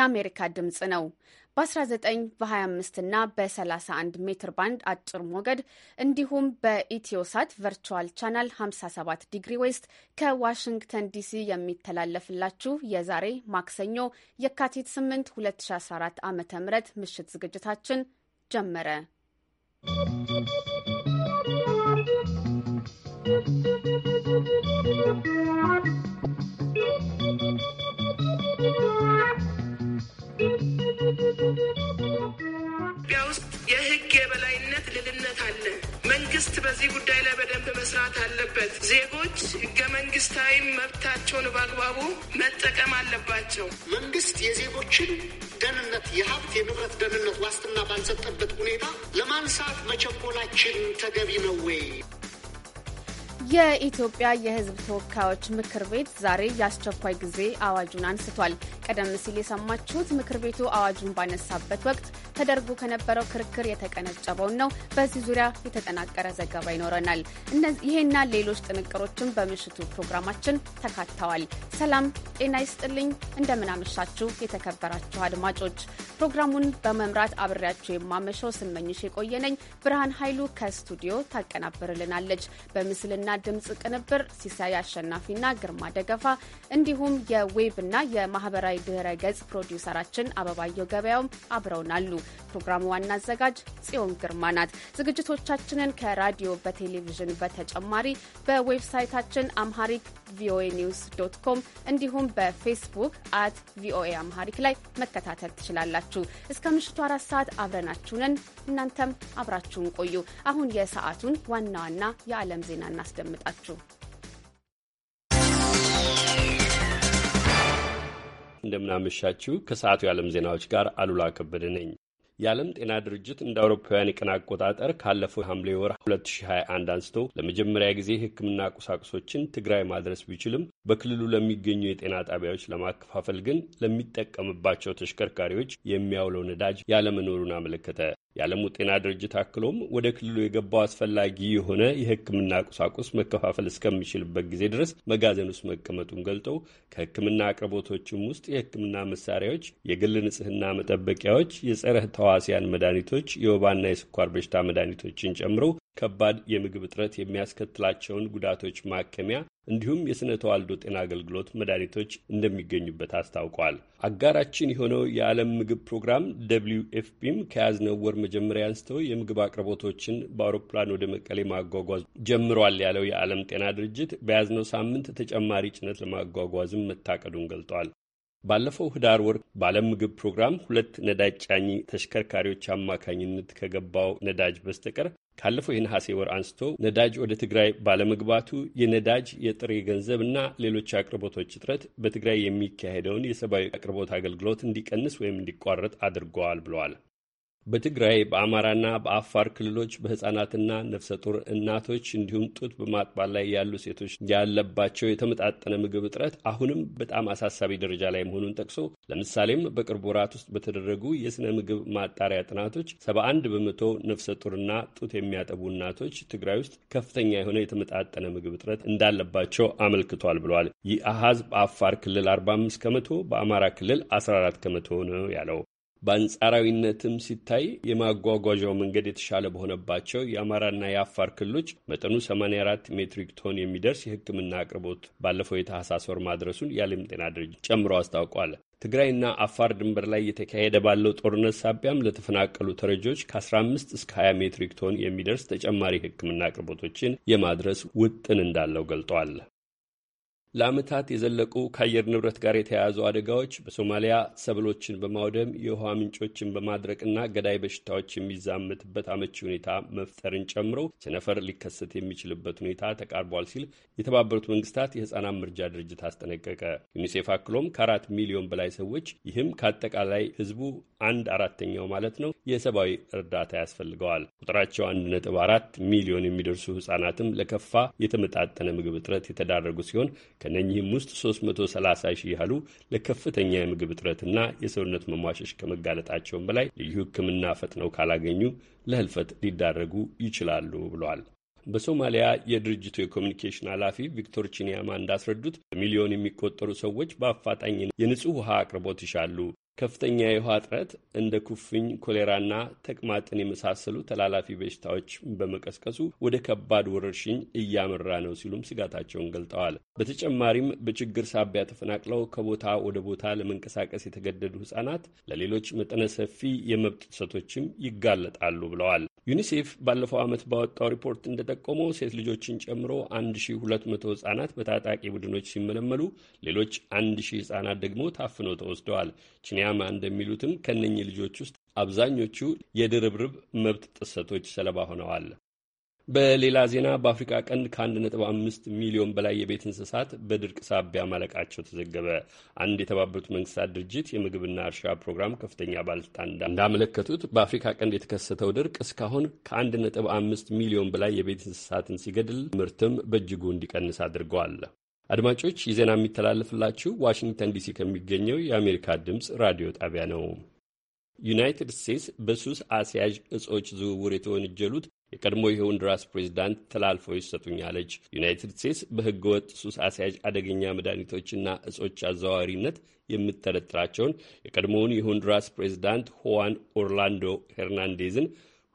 የአሜሪካ ድምፅ ነው። በ19 በ25 እና በ31 ሜትር ባንድ አጭር ሞገድ እንዲሁም በኢትዮሳት ቨርቹዋል ቻናል 57 ዲግሪ ዌስት ከዋሽንግተን ዲሲ የሚተላለፍላችሁ የዛሬ ማክሰኞ የካቲት 8 2014 ዓ ም ምሽት ዝግጅታችን ጀመረ። ¶¶ መንግስት በዚህ ጉዳይ ላይ በደንብ መስራት አለበት። ዜጎች ህገ መንግስታዊ መብታቸውን በአግባቡ መጠቀም አለባቸው። መንግስት የዜጎችን ደህንነት፣ የሀብት የንብረት ደህንነት ዋስትና ባልሰጠበት ሁኔታ ለማንሳት መቸኮላችን ተገቢ ነው ወይ? የኢትዮጵያ የሕዝብ ተወካዮች ምክር ቤት ዛሬ የአስቸኳይ ጊዜ አዋጁን አንስቷል። ቀደም ሲል የሰማችሁት ምክር ቤቱ አዋጁን ባነሳበት ወቅት ተደርጎ ከነበረው ክርክር የተቀነጨበውን ነው። በዚህ ዙሪያ የተጠናቀረ ዘገባ ይኖረናል። ይሄና ሌሎች ጥንቅሮችን በምሽቱ ፕሮግራማችን ተካተዋል። ሰላም ጤና ይስጥልኝ። እንደምናመሻችሁ የተከበራችሁ አድማጮች፣ ፕሮግራሙን በመምራት አብሬያችሁ የማመሸው ስመኝሽ የቆየነኝ ብርሃን ኃይሉ ከስቱዲዮ ታቀናብርልናለች በምስልና ድምፅ ቅንብር ሲሳይ አሸናፊና ግርማ ደገፋ እንዲሁም የዌብና የማህበራዊ ድህረ ገጽ ፕሮዲውሰራችን አበባየው ገበያውም አብረውናሉ። ፕሮግራሙ ዋና አዘጋጅ ጽዮን ግርማ ናት። ዝግጅቶቻችንን ከራዲዮ በቴሌቪዥን በተጨማሪ በዌብሳይታችን አምሃሪክ ቪኦኤ ኒውስ ዶት ኮም እንዲሁም በፌስቡክ አት ቪኦኤ አምሃሪክ ላይ መከታተል ትችላላችሁ። እስከ ምሽቱ አራት ሰዓት አብረናችሁንን እናንተም አብራችሁን ቆዩ። አሁን የሰዓቱን ዋና ዋና የዓለም ዜና እናስደምጣለን። እናስደምጣችሁ። እንደምናመሻችሁ ከሰዓቱ የዓለም ዜናዎች ጋር አሉላ ከበደ ነኝ። የዓለም ጤና ድርጅት እንደ አውሮፓውያን የቀን አቆጣጠር ካለፈው ሐምሌ ወር 2021 አንስቶ ለመጀመሪያ ጊዜ ሕክምና ቁሳቁሶችን ትግራይ ማድረስ ቢችልም በክልሉ ለሚገኙ የጤና ጣቢያዎች ለማከፋፈል ግን ለሚጠቀምባቸው ተሽከርካሪዎች የሚያውለው ነዳጅ ያለመኖሩን አመለከተ። የዓለሙ ጤና ድርጅት አክሎም ወደ ክልሉ የገባው አስፈላጊ የሆነ የሕክምና ቁሳቁስ መከፋፈል እስከሚችልበት ጊዜ ድረስ መጋዘን ውስጥ መቀመጡን ገልጠው ከሕክምና አቅርቦቶችም ውስጥ የሕክምና መሳሪያዎች፣ የግል ንጽህና መጠበቂያዎች፣ የጸረ ተዋሲያን መድኃኒቶች፣ የወባና የስኳር በሽታ መድኃኒቶችን ጨምሮ ከባድ የምግብ እጥረት የሚያስከትላቸውን ጉዳቶች ማከሚያ እንዲሁም የሥነ ተዋልዶ ጤና አገልግሎት መድኃኒቶች እንደሚገኙበት አስታውቋል። አጋራችን የሆነው የዓለም ምግብ ፕሮግራም ደብሊው ኤፍፒም ከያዝነው ወር መጀመሪያ አንስተው የምግብ አቅርቦቶችን በአውሮፕላን ወደ መቀሌ ማጓጓዝ ጀምሯል ያለው የዓለም ጤና ድርጅት በያዝነው ሳምንት ተጨማሪ ጭነት ለማጓጓዝም መታቀዱን ገልጧል። ባለፈው ህዳር ወር በዓለም ምግብ ፕሮግራም ሁለት ነዳጅ ጫኝ ተሽከርካሪዎች አማካኝነት ከገባው ነዳጅ በስተቀር ካለፈው የነሐሴ ወር አንስቶ ነዳጅ ወደ ትግራይ ባለመግባቱ የነዳጅ የጥሬ ገንዘብና ሌሎች አቅርቦቶች እጥረት በትግራይ የሚካሄደውን የሰብአዊ አቅርቦት አገልግሎት እንዲቀንስ ወይም እንዲቋረጥ አድርገዋል ብለዋል። በትግራይ በአማራና በአፋር ክልሎች በህጻናትና ነፍሰ ጡር እናቶች እንዲሁም ጡት በማጥባት ላይ ያሉ ሴቶች ያለባቸው የተመጣጠነ ምግብ እጥረት አሁንም በጣም አሳሳቢ ደረጃ ላይ መሆኑን ጠቅሶ ለምሳሌም በቅርብ ወራት ውስጥ በተደረጉ የሥነ ምግብ ማጣሪያ ጥናቶች 71 በመቶ ነፍሰ ጡርና ጡት የሚያጠቡ እናቶች ትግራይ ውስጥ ከፍተኛ የሆነ የተመጣጠነ ምግብ እጥረት እንዳለባቸው አመልክቷል ብሏል። ይህ አሃዝ በአፋር ክልል 45 ከመቶ፣ በአማራ ክልል 14 ከመቶ ነው ያለው በአንጻራዊነትም ሲታይ የማጓጓዣው መንገድ የተሻለ በሆነባቸው የአማራና የአፋር ክልሎች መጠኑ 84 ሜትሪክ ቶን የሚደርስ የሕክምና አቅርቦት ባለፈው የታህሳስ ወር ማድረሱን የዓለም ጤና ድርጅት ጨምሮ አስታውቋል። ትግራይና አፋር ድንበር ላይ እየተካሄደ ባለው ጦርነት ሳቢያም ለተፈናቀሉ ተረጂዎች ከ15 እስከ 20 ሜትሪክ ቶን የሚደርስ ተጨማሪ ሕክምና አቅርቦቶችን የማድረስ ውጥን እንዳለው ገልጧል። ለዓመታት የዘለቁ ከአየር ንብረት ጋር የተያያዙ አደጋዎች በሶማሊያ ሰብሎችን በማውደም የውሃ ምንጮችን በማድረቅና ገዳይ በሽታዎች የሚዛመትበት አመቺ ሁኔታ መፍጠርን ጨምሮ ቸነፈር ሊከሰት የሚችልበት ሁኔታ ተቃርቧል ሲል የተባበሩት መንግስታት የህፃናት መርጃ ድርጅት አስጠነቀቀ። ዩኒሴፍ አክሎም ከአራት ሚሊዮን በላይ ሰዎች ይህም ከአጠቃላይ ህዝቡ አንድ አራተኛው ማለት ነው የሰብአዊ እርዳታ ያስፈልገዋል። ቁጥራቸው አንድ ነጥብ አራት ሚሊዮን የሚደርሱ ህጻናትም ለከፋ የተመጣጠነ ምግብ እጥረት የተዳረጉ ሲሆን ከነኚህም ውስጥ 330 ሺህ ያህሉ ለከፍተኛ የምግብ እጥረትና የሰውነት መሟሸሽ ከመጋለጣቸውም በላይ ልዩ ሕክምና ፈጥነው ካላገኙ ለህልፈት ሊዳረጉ ይችላሉ ብሏል። በሶማሊያ የድርጅቱ የኮሚኒኬሽን ኃላፊ ቪክቶር ቺኒያማ እንዳስረዱት በሚሊዮን የሚቆጠሩ ሰዎች በአፋጣኝ የንጹህ ውሃ አቅርቦት ይሻሉ። ከፍተኛ የውሃ እጥረት እንደ ኩፍኝ፣ ኮሌራና ተቅማጥን የመሳሰሉ ተላላፊ በሽታዎች በመቀስቀሱ ወደ ከባድ ወረርሽኝ እያመራ ነው ሲሉም ስጋታቸውን ገልጠዋል። በተጨማሪም በችግር ሳቢያ ተፈናቅለው ከቦታ ወደ ቦታ ለመንቀሳቀስ የተገደዱ ሕጻናት ለሌሎች መጠነ ሰፊ የመብት ጥሰቶችም ይጋለጣሉ ብለዋል። ዩኒሴፍ ባለፈው ዓመት ባወጣው ሪፖርት እንደጠቆመው ሴት ልጆችን ጨምሮ 1200 ህጻናት በታጣቂ ቡድኖች ሲመለመሉ ሌሎች 1000 ህጻናት ደግሞ ታፍነው ተወስደዋል። ቺኒያማ እንደሚሉትም ከነኚህ ልጆች ውስጥ አብዛኞቹ የድርብርብ መብት ጥሰቶች ሰለባ ሆነዋል። በሌላ ዜና በአፍሪካ ቀንድ ከ1.5 ሚሊዮን በላይ የቤት እንስሳት በድርቅ ሳቢያ ማለቃቸው ተዘገበ። አንድ የተባበሩት መንግስታት ድርጅት የምግብና እርሻ ፕሮግራም ከፍተኛ ባለስልጣን እንዳመለከቱት በአፍሪካ ቀንድ የተከሰተው ድርቅ እስካሁን ከ1.5 ሚሊዮን በላይ የቤት እንስሳትን ሲገድል ምርትም በእጅጉ እንዲቀንስ አድርገዋል። አድማጮች ይህ ዜና የሚተላለፍላችሁ ዋሽንግተን ዲሲ ከሚገኘው የአሜሪካ ድምፅ ራዲዮ ጣቢያ ነው። ዩናይትድ ስቴትስ በሱስ አስያዥ እጾች ዝውውር የተወነጀሉት የቀድሞ የሆንዱራስ ፕሬዚዳንት ተላልፈው ይሰጡኝ አለች። ዩናይትድ ስቴትስ በሕገ ወጥ ሱስ አስያዥ አደገኛ መድኃኒቶችና እጾች አዘዋዋሪነት የምትጠረጥራቸውን የቀድሞውን የሆንዱራስ ፕሬዚዳንት ሁዋን ኦርላንዶ ሄርናንዴዝን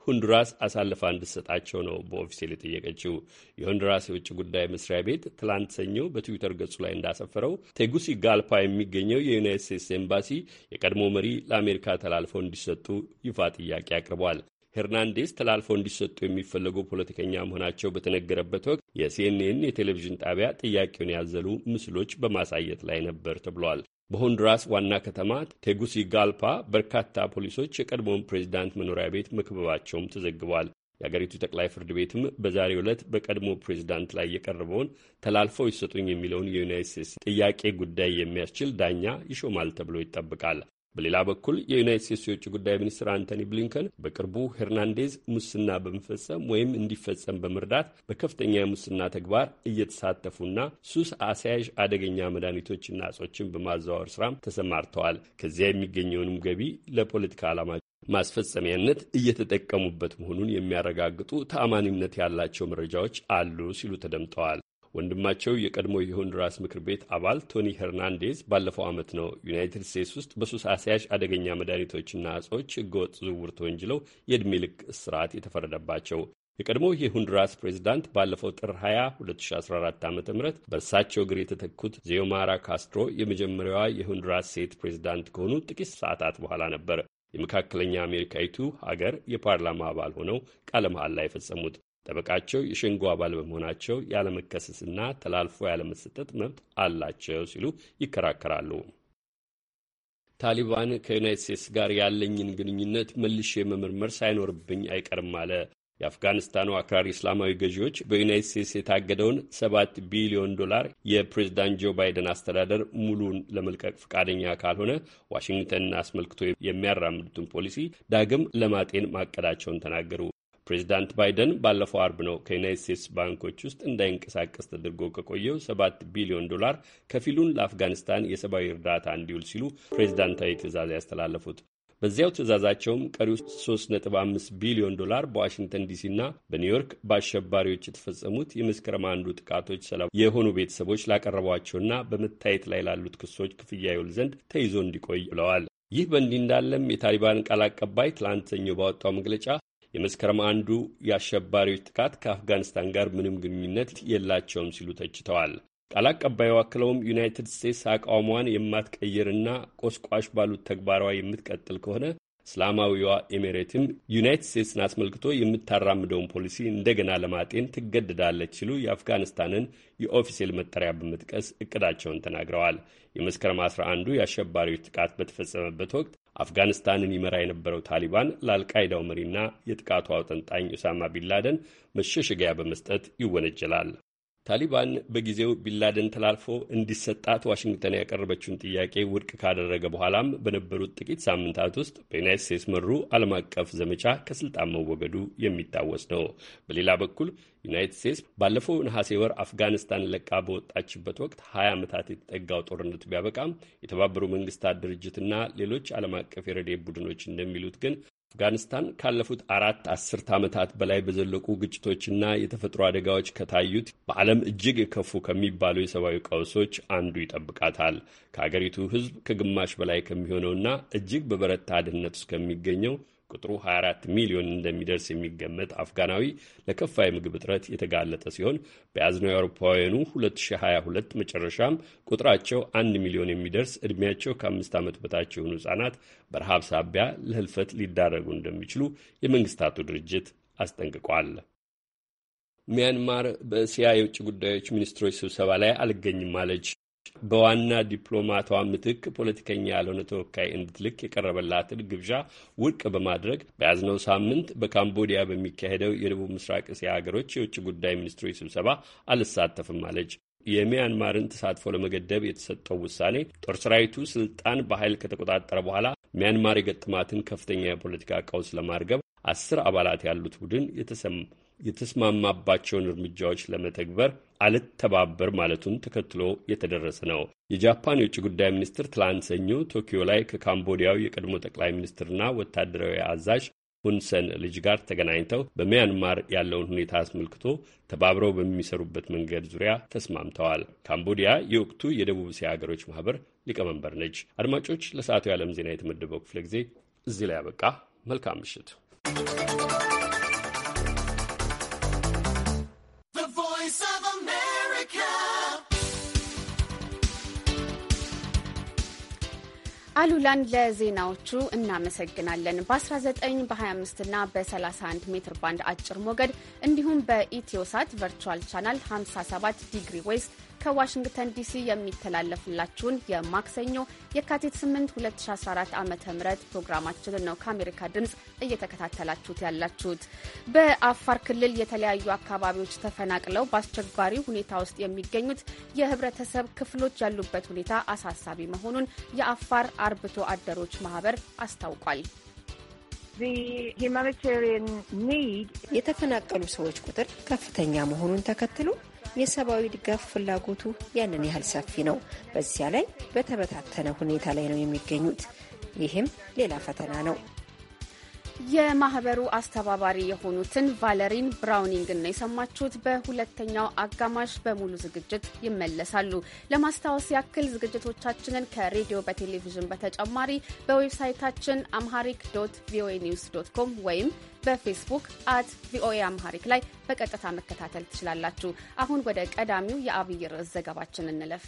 ሆንዱራስ አሳልፋ እንድትሰጣቸው ነው በኦፊሴል የጠየቀችው። የሆንዱራስ የውጭ ጉዳይ መስሪያ ቤት ትላንት ሰኞ በትዊተር ገጹ ላይ እንዳሰፈረው ቴጉሲ ጋልፓ የሚገኘው የዩናይት ስቴትስ ኤምባሲ የቀድሞ መሪ ለአሜሪካ ተላልፈው እንዲሰጡ ይፋ ጥያቄ አቅርቧል። ሄርናንዴስ ተላልፈው እንዲሰጡ የሚፈለጉ ፖለቲከኛ መሆናቸው በተነገረበት ወቅት የሲኤንኤን የቴሌቪዥን ጣቢያ ጥያቄውን ያዘሉ ምስሎች በማሳየት ላይ ነበር ተብሏል። በሆንዱራስ ዋና ከተማ ቴጉሲ ጋልፓ በርካታ ፖሊሶች የቀድሞውን ፕሬዚዳንት መኖሪያ ቤት መክበባቸውም ተዘግቧል። የአገሪቱ ጠቅላይ ፍርድ ቤትም በዛሬው ዕለት በቀድሞ ፕሬዚዳንት ላይ የቀረበውን ተላልፈው ይሰጡኝ የሚለውን የዩናይት ስቴትስ ጥያቄ ጉዳይ የሚያስችል ዳኛ ይሾማል ተብሎ ይጠብቃል። በሌላ በኩል የዩናይት ስቴትስ የውጭ ጉዳይ ሚኒስትር አንቶኒ ብሊንከን በቅርቡ ሄርናንዴዝ ሙስና በመፈጸም ወይም እንዲፈጸም በመርዳት በከፍተኛ የሙስና ተግባር እየተሳተፉና ሱስ አስያዥ አደገኛ መድኃኒቶችና እጾችን በማዘዋወር ስራም ተሰማርተዋል። ከዚያ የሚገኘውንም ገቢ ለፖለቲካ ዓላማ ማስፈጸሚያነት እየተጠቀሙበት መሆኑን የሚያረጋግጡ ተአማኒነት ያላቸው መረጃዎች አሉ ሲሉ ተደምጠዋል። ወንድማቸው የቀድሞ የሆንዱራስ ምክር ቤት አባል ቶኒ ሄርናንዴዝ ባለፈው ዓመት ነው ዩናይትድ ስቴትስ ውስጥ በሱስ አስያዥ አደገኛ መድኃኒቶችና እጾች ህገወጥ ዝውውር ተወንጅለው የዕድሜ ልክ እስራት የተፈረደባቸው። የቀድሞ የሁንዱራስ ፕሬዚዳንት ባለፈው ጥር 20 2014 ዓ ም በእርሳቸው እግር የተተኩት ዜዮማራ ካስትሮ የመጀመሪያዋ የሁንዱራስ ሴት ፕሬዚዳንት ከሆኑ ጥቂት ሰዓታት በኋላ ነበር የመካከለኛ አሜሪካዊቱ ሀገር የፓርላማ አባል ሆነው ቃለ መሐላ የፈጸሙት። ጠበቃቸው የሸንጎ አባል በመሆናቸው ያለመከሰስና ተላልፎ ያለመሰጠት መብት አላቸው ሲሉ ይከራከራሉ። ታሊባን ከዩናይት ስቴትስ ጋር ያለኝን ግንኙነት መልሼ መመርመር ሳይኖርብኝ አይቀርም አለ። የአፍጋኒስታኑ አክራሪ እስላማዊ ገዢዎች በዩናይት ስቴትስ የታገደውን ሰባት ቢሊዮን ዶላር የፕሬዚዳንት ጆ ባይደን አስተዳደር ሙሉን ለመልቀቅ ፈቃደኛ ካልሆነ ዋሽንግተንን አስመልክቶ የሚያራምዱትን ፖሊሲ ዳግም ለማጤን ማቀዳቸውን ተናገሩ። ፕሬዚዳንት ባይደን ባለፈው አርብ ነው ከዩናይት ስቴትስ ባንኮች ውስጥ እንዳይንቀሳቀስ ተደርጎ ከቆየው ሰባት ቢሊዮን ዶላር ከፊሉን ለአፍጋኒስታን የሰብአዊ እርዳታ እንዲውል ሲሉ ፕሬዚዳንታዊ ትዕዛዝ ያስተላለፉት። በዚያው ትዕዛዛቸውም ቀሪው 3.5 ቢሊዮን ዶላር በዋሽንግተን ዲሲና በኒውዮርክ በአሸባሪዎች የተፈጸሙት የመስከረም አንዱ ጥቃቶች ሰለባ የሆኑ ቤተሰቦች ላቀረቧቸውና በመታየት ላይ ላሉት ክሶች ክፍያ ይውል ዘንድ ተይዞ እንዲቆይ ብለዋል። ይህ በእንዲህ እንዳለም የታሊባን ቃል አቀባይ ትላንት ሰኞ ባወጣው መግለጫ የመስከረም አንዱ የአሸባሪዎች ጥቃት ከአፍጋኒስታን ጋር ምንም ግንኙነት የላቸውም ሲሉ ተችተዋል። ቃል አቀባዩ አክለውም ዩናይትድ ስቴትስ አቋሟን የማትቀይርና ቆስቋሽ ባሉት ተግባሯ የምትቀጥል ከሆነ እስላማዊዋ ኤሜሬትም ዩናይትድ ስቴትስን አስመልክቶ የምታራምደውን ፖሊሲ እንደገና ለማጤን ትገደዳለች ሲሉ የአፍጋኒስታንን የኦፊሴል መጠሪያ በመጥቀስ እቅዳቸውን ተናግረዋል። የመስከረም 11 አንዱ የአሸባሪዎች ጥቃት በተፈጸመበት ወቅት አፍጋኒስታንን ይመራ የነበረው ታሊባን ለአልቃይዳው መሪና የጥቃቱ አውጠንጣኝ ኡሳማ ቢንላደን መሸሸጊያ በመስጠት ይወነጀላል። ታሊባን በጊዜው ቢንላደን ተላልፎ እንዲሰጣት ዋሽንግተን ያቀረበችውን ጥያቄ ውድቅ ካደረገ በኋላም በነበሩት ጥቂት ሳምንታት ውስጥ በዩናይት ስቴትስ መሩ ዓለም አቀፍ ዘመቻ ከስልጣን መወገዱ የሚታወስ ነው። በሌላ በኩል ዩናይት ስቴትስ ባለፈው ነሐሴ ወር አፍጋኒስታን ለቃ በወጣችበት ወቅት ሀያ ዓመታት የተጠጋው ጦርነት ቢያበቃም የተባበሩ መንግስታት ድርጅትና ሌሎች ዓለም አቀፍ የረድኤት ቡድኖች እንደሚሉት ግን አፍጋኒስታን ካለፉት አራት አስርት ዓመታት በላይ በዘለቁ ግጭቶችና የተፈጥሮ አደጋዎች ከታዩት በዓለም እጅግ የከፉ ከሚባሉ የሰብአዊ ቀውሶች አንዱ ይጠብቃታል። ከአገሪቱ ሕዝብ ከግማሽ በላይ ከሚሆነውና እጅግ በበረታ ድህነት ውስጥ ከሚገኘው ቁጥሩ 24 ሚሊዮን እንደሚደርስ የሚገመት አፍጋናዊ ለከፋ የምግብ እጥረት የተጋለጠ ሲሆን በያዝነው የአውሮፓውያኑ 2022 መጨረሻም ቁጥራቸው 1 ሚሊዮን የሚደርስ ዕድሜያቸው ከአምስት ዓመት በታች የሆኑ ሕፃናት በረሃብ ሳቢያ ለህልፈት ሊዳረጉ እንደሚችሉ የመንግስታቱ ድርጅት አስጠንቅቋል። ሚያንማር በእስያ የውጭ ጉዳዮች ሚኒስትሮች ስብሰባ ላይ አልገኝም አለች። በዋና ዲፕሎማቷ ምትክ ፖለቲከኛ ያልሆነ ተወካይ እንድትልክ የቀረበላትን ግብዣ ውድቅ በማድረግ በያዝነው ሳምንት በካምቦዲያ በሚካሄደው የደቡብ ምስራቅ እስያ ሀገሮች የውጭ ጉዳይ ሚኒስትሮች ስብሰባ አልሳተፍም አለች። የሚያንማርን ተሳትፎ ለመገደብ የተሰጠው ውሳኔ ጦር ሰራዊቱ ስልጣን በኃይል ከተቆጣጠረ በኋላ ሚያንማር የገጠማትን ከፍተኛ የፖለቲካ ቀውስ ለማርገብ አስር አባላት ያሉት ቡድን የተሰማ የተስማማባቸውን እርምጃዎች ለመተግበር አልተባበር ማለቱን ተከትሎ የተደረሰ ነው። የጃፓን የውጭ ጉዳይ ሚኒስትር ትላንት ሰኞ ቶኪዮ ላይ ከካምቦዲያው የቀድሞ ጠቅላይ ሚኒስትርና ወታደራዊ አዛዥ ሁንሰን ልጅ ጋር ተገናኝተው በሚያንማር ያለውን ሁኔታ አስመልክቶ ተባብረው በሚሰሩበት መንገድ ዙሪያ ተስማምተዋል። ካምቦዲያ የወቅቱ የደቡብ እስያ ሀገሮች ማህበር ሊቀመንበር ነች። አድማጮች፣ ለሰዓቱ የዓለም ዜና የተመደበው ክፍለ ጊዜ እዚህ ላይ ያበቃ። መልካም ምሽት። አሉላን ለዜናዎቹ እናመሰግናለን። በ19 በ25 እና በ31 ሜትር ባንድ አጭር ሞገድ እንዲሁም በኢትዮሳት ቨርቹዋል ቻናል 57 ዲግሪ ዌስት ከዋሽንግተን ዲሲ የሚተላለፍላችሁን የማክሰኞ የካቲት 8 2014 ዓ ም ፕሮግራማችንን ነው ከአሜሪካ ድምፅ እየተከታተላችሁት ያላችሁት። በአፋር ክልል የተለያዩ አካባቢዎች ተፈናቅለው በአስቸጋሪ ሁኔታ ውስጥ የሚገኙት የህብረተሰብ ክፍሎች ያሉበት ሁኔታ አሳሳቢ መሆኑን የአፋር አርብቶ አደሮች ማህበር አስታውቋል። የተፈናቀሉ ሰዎች ቁጥር ከፍተኛ መሆኑን ተከትሎ የሰብአዊ ድጋፍ ፍላጎቱ ያንን ያህል ሰፊ ነው። በዚያ ላይ በተበታተነ ሁኔታ ላይ ነው የሚገኙት። ይህም ሌላ ፈተና ነው። የማህበሩ አስተባባሪ የሆኑትን ቫለሪን ብራውኒንግን ነው የሰማችሁት። በሁለተኛው አጋማሽ በሙሉ ዝግጅት ይመለሳሉ። ለማስታወስ ያክል ዝግጅቶቻችንን ከሬዲዮ በቴሌቪዥን በተጨማሪ በዌብሳይታችን አምሃሪክ ዶት ቪኦኤ ኒውስ ዶት ኮም ወይም በፌስቡክ አት ቪኦኤ አምሃሪክ ላይ በቀጥታ መከታተል ትችላላችሁ። አሁን ወደ ቀዳሚው የአብይ ርዕስ ዘገባችን እንለፍ።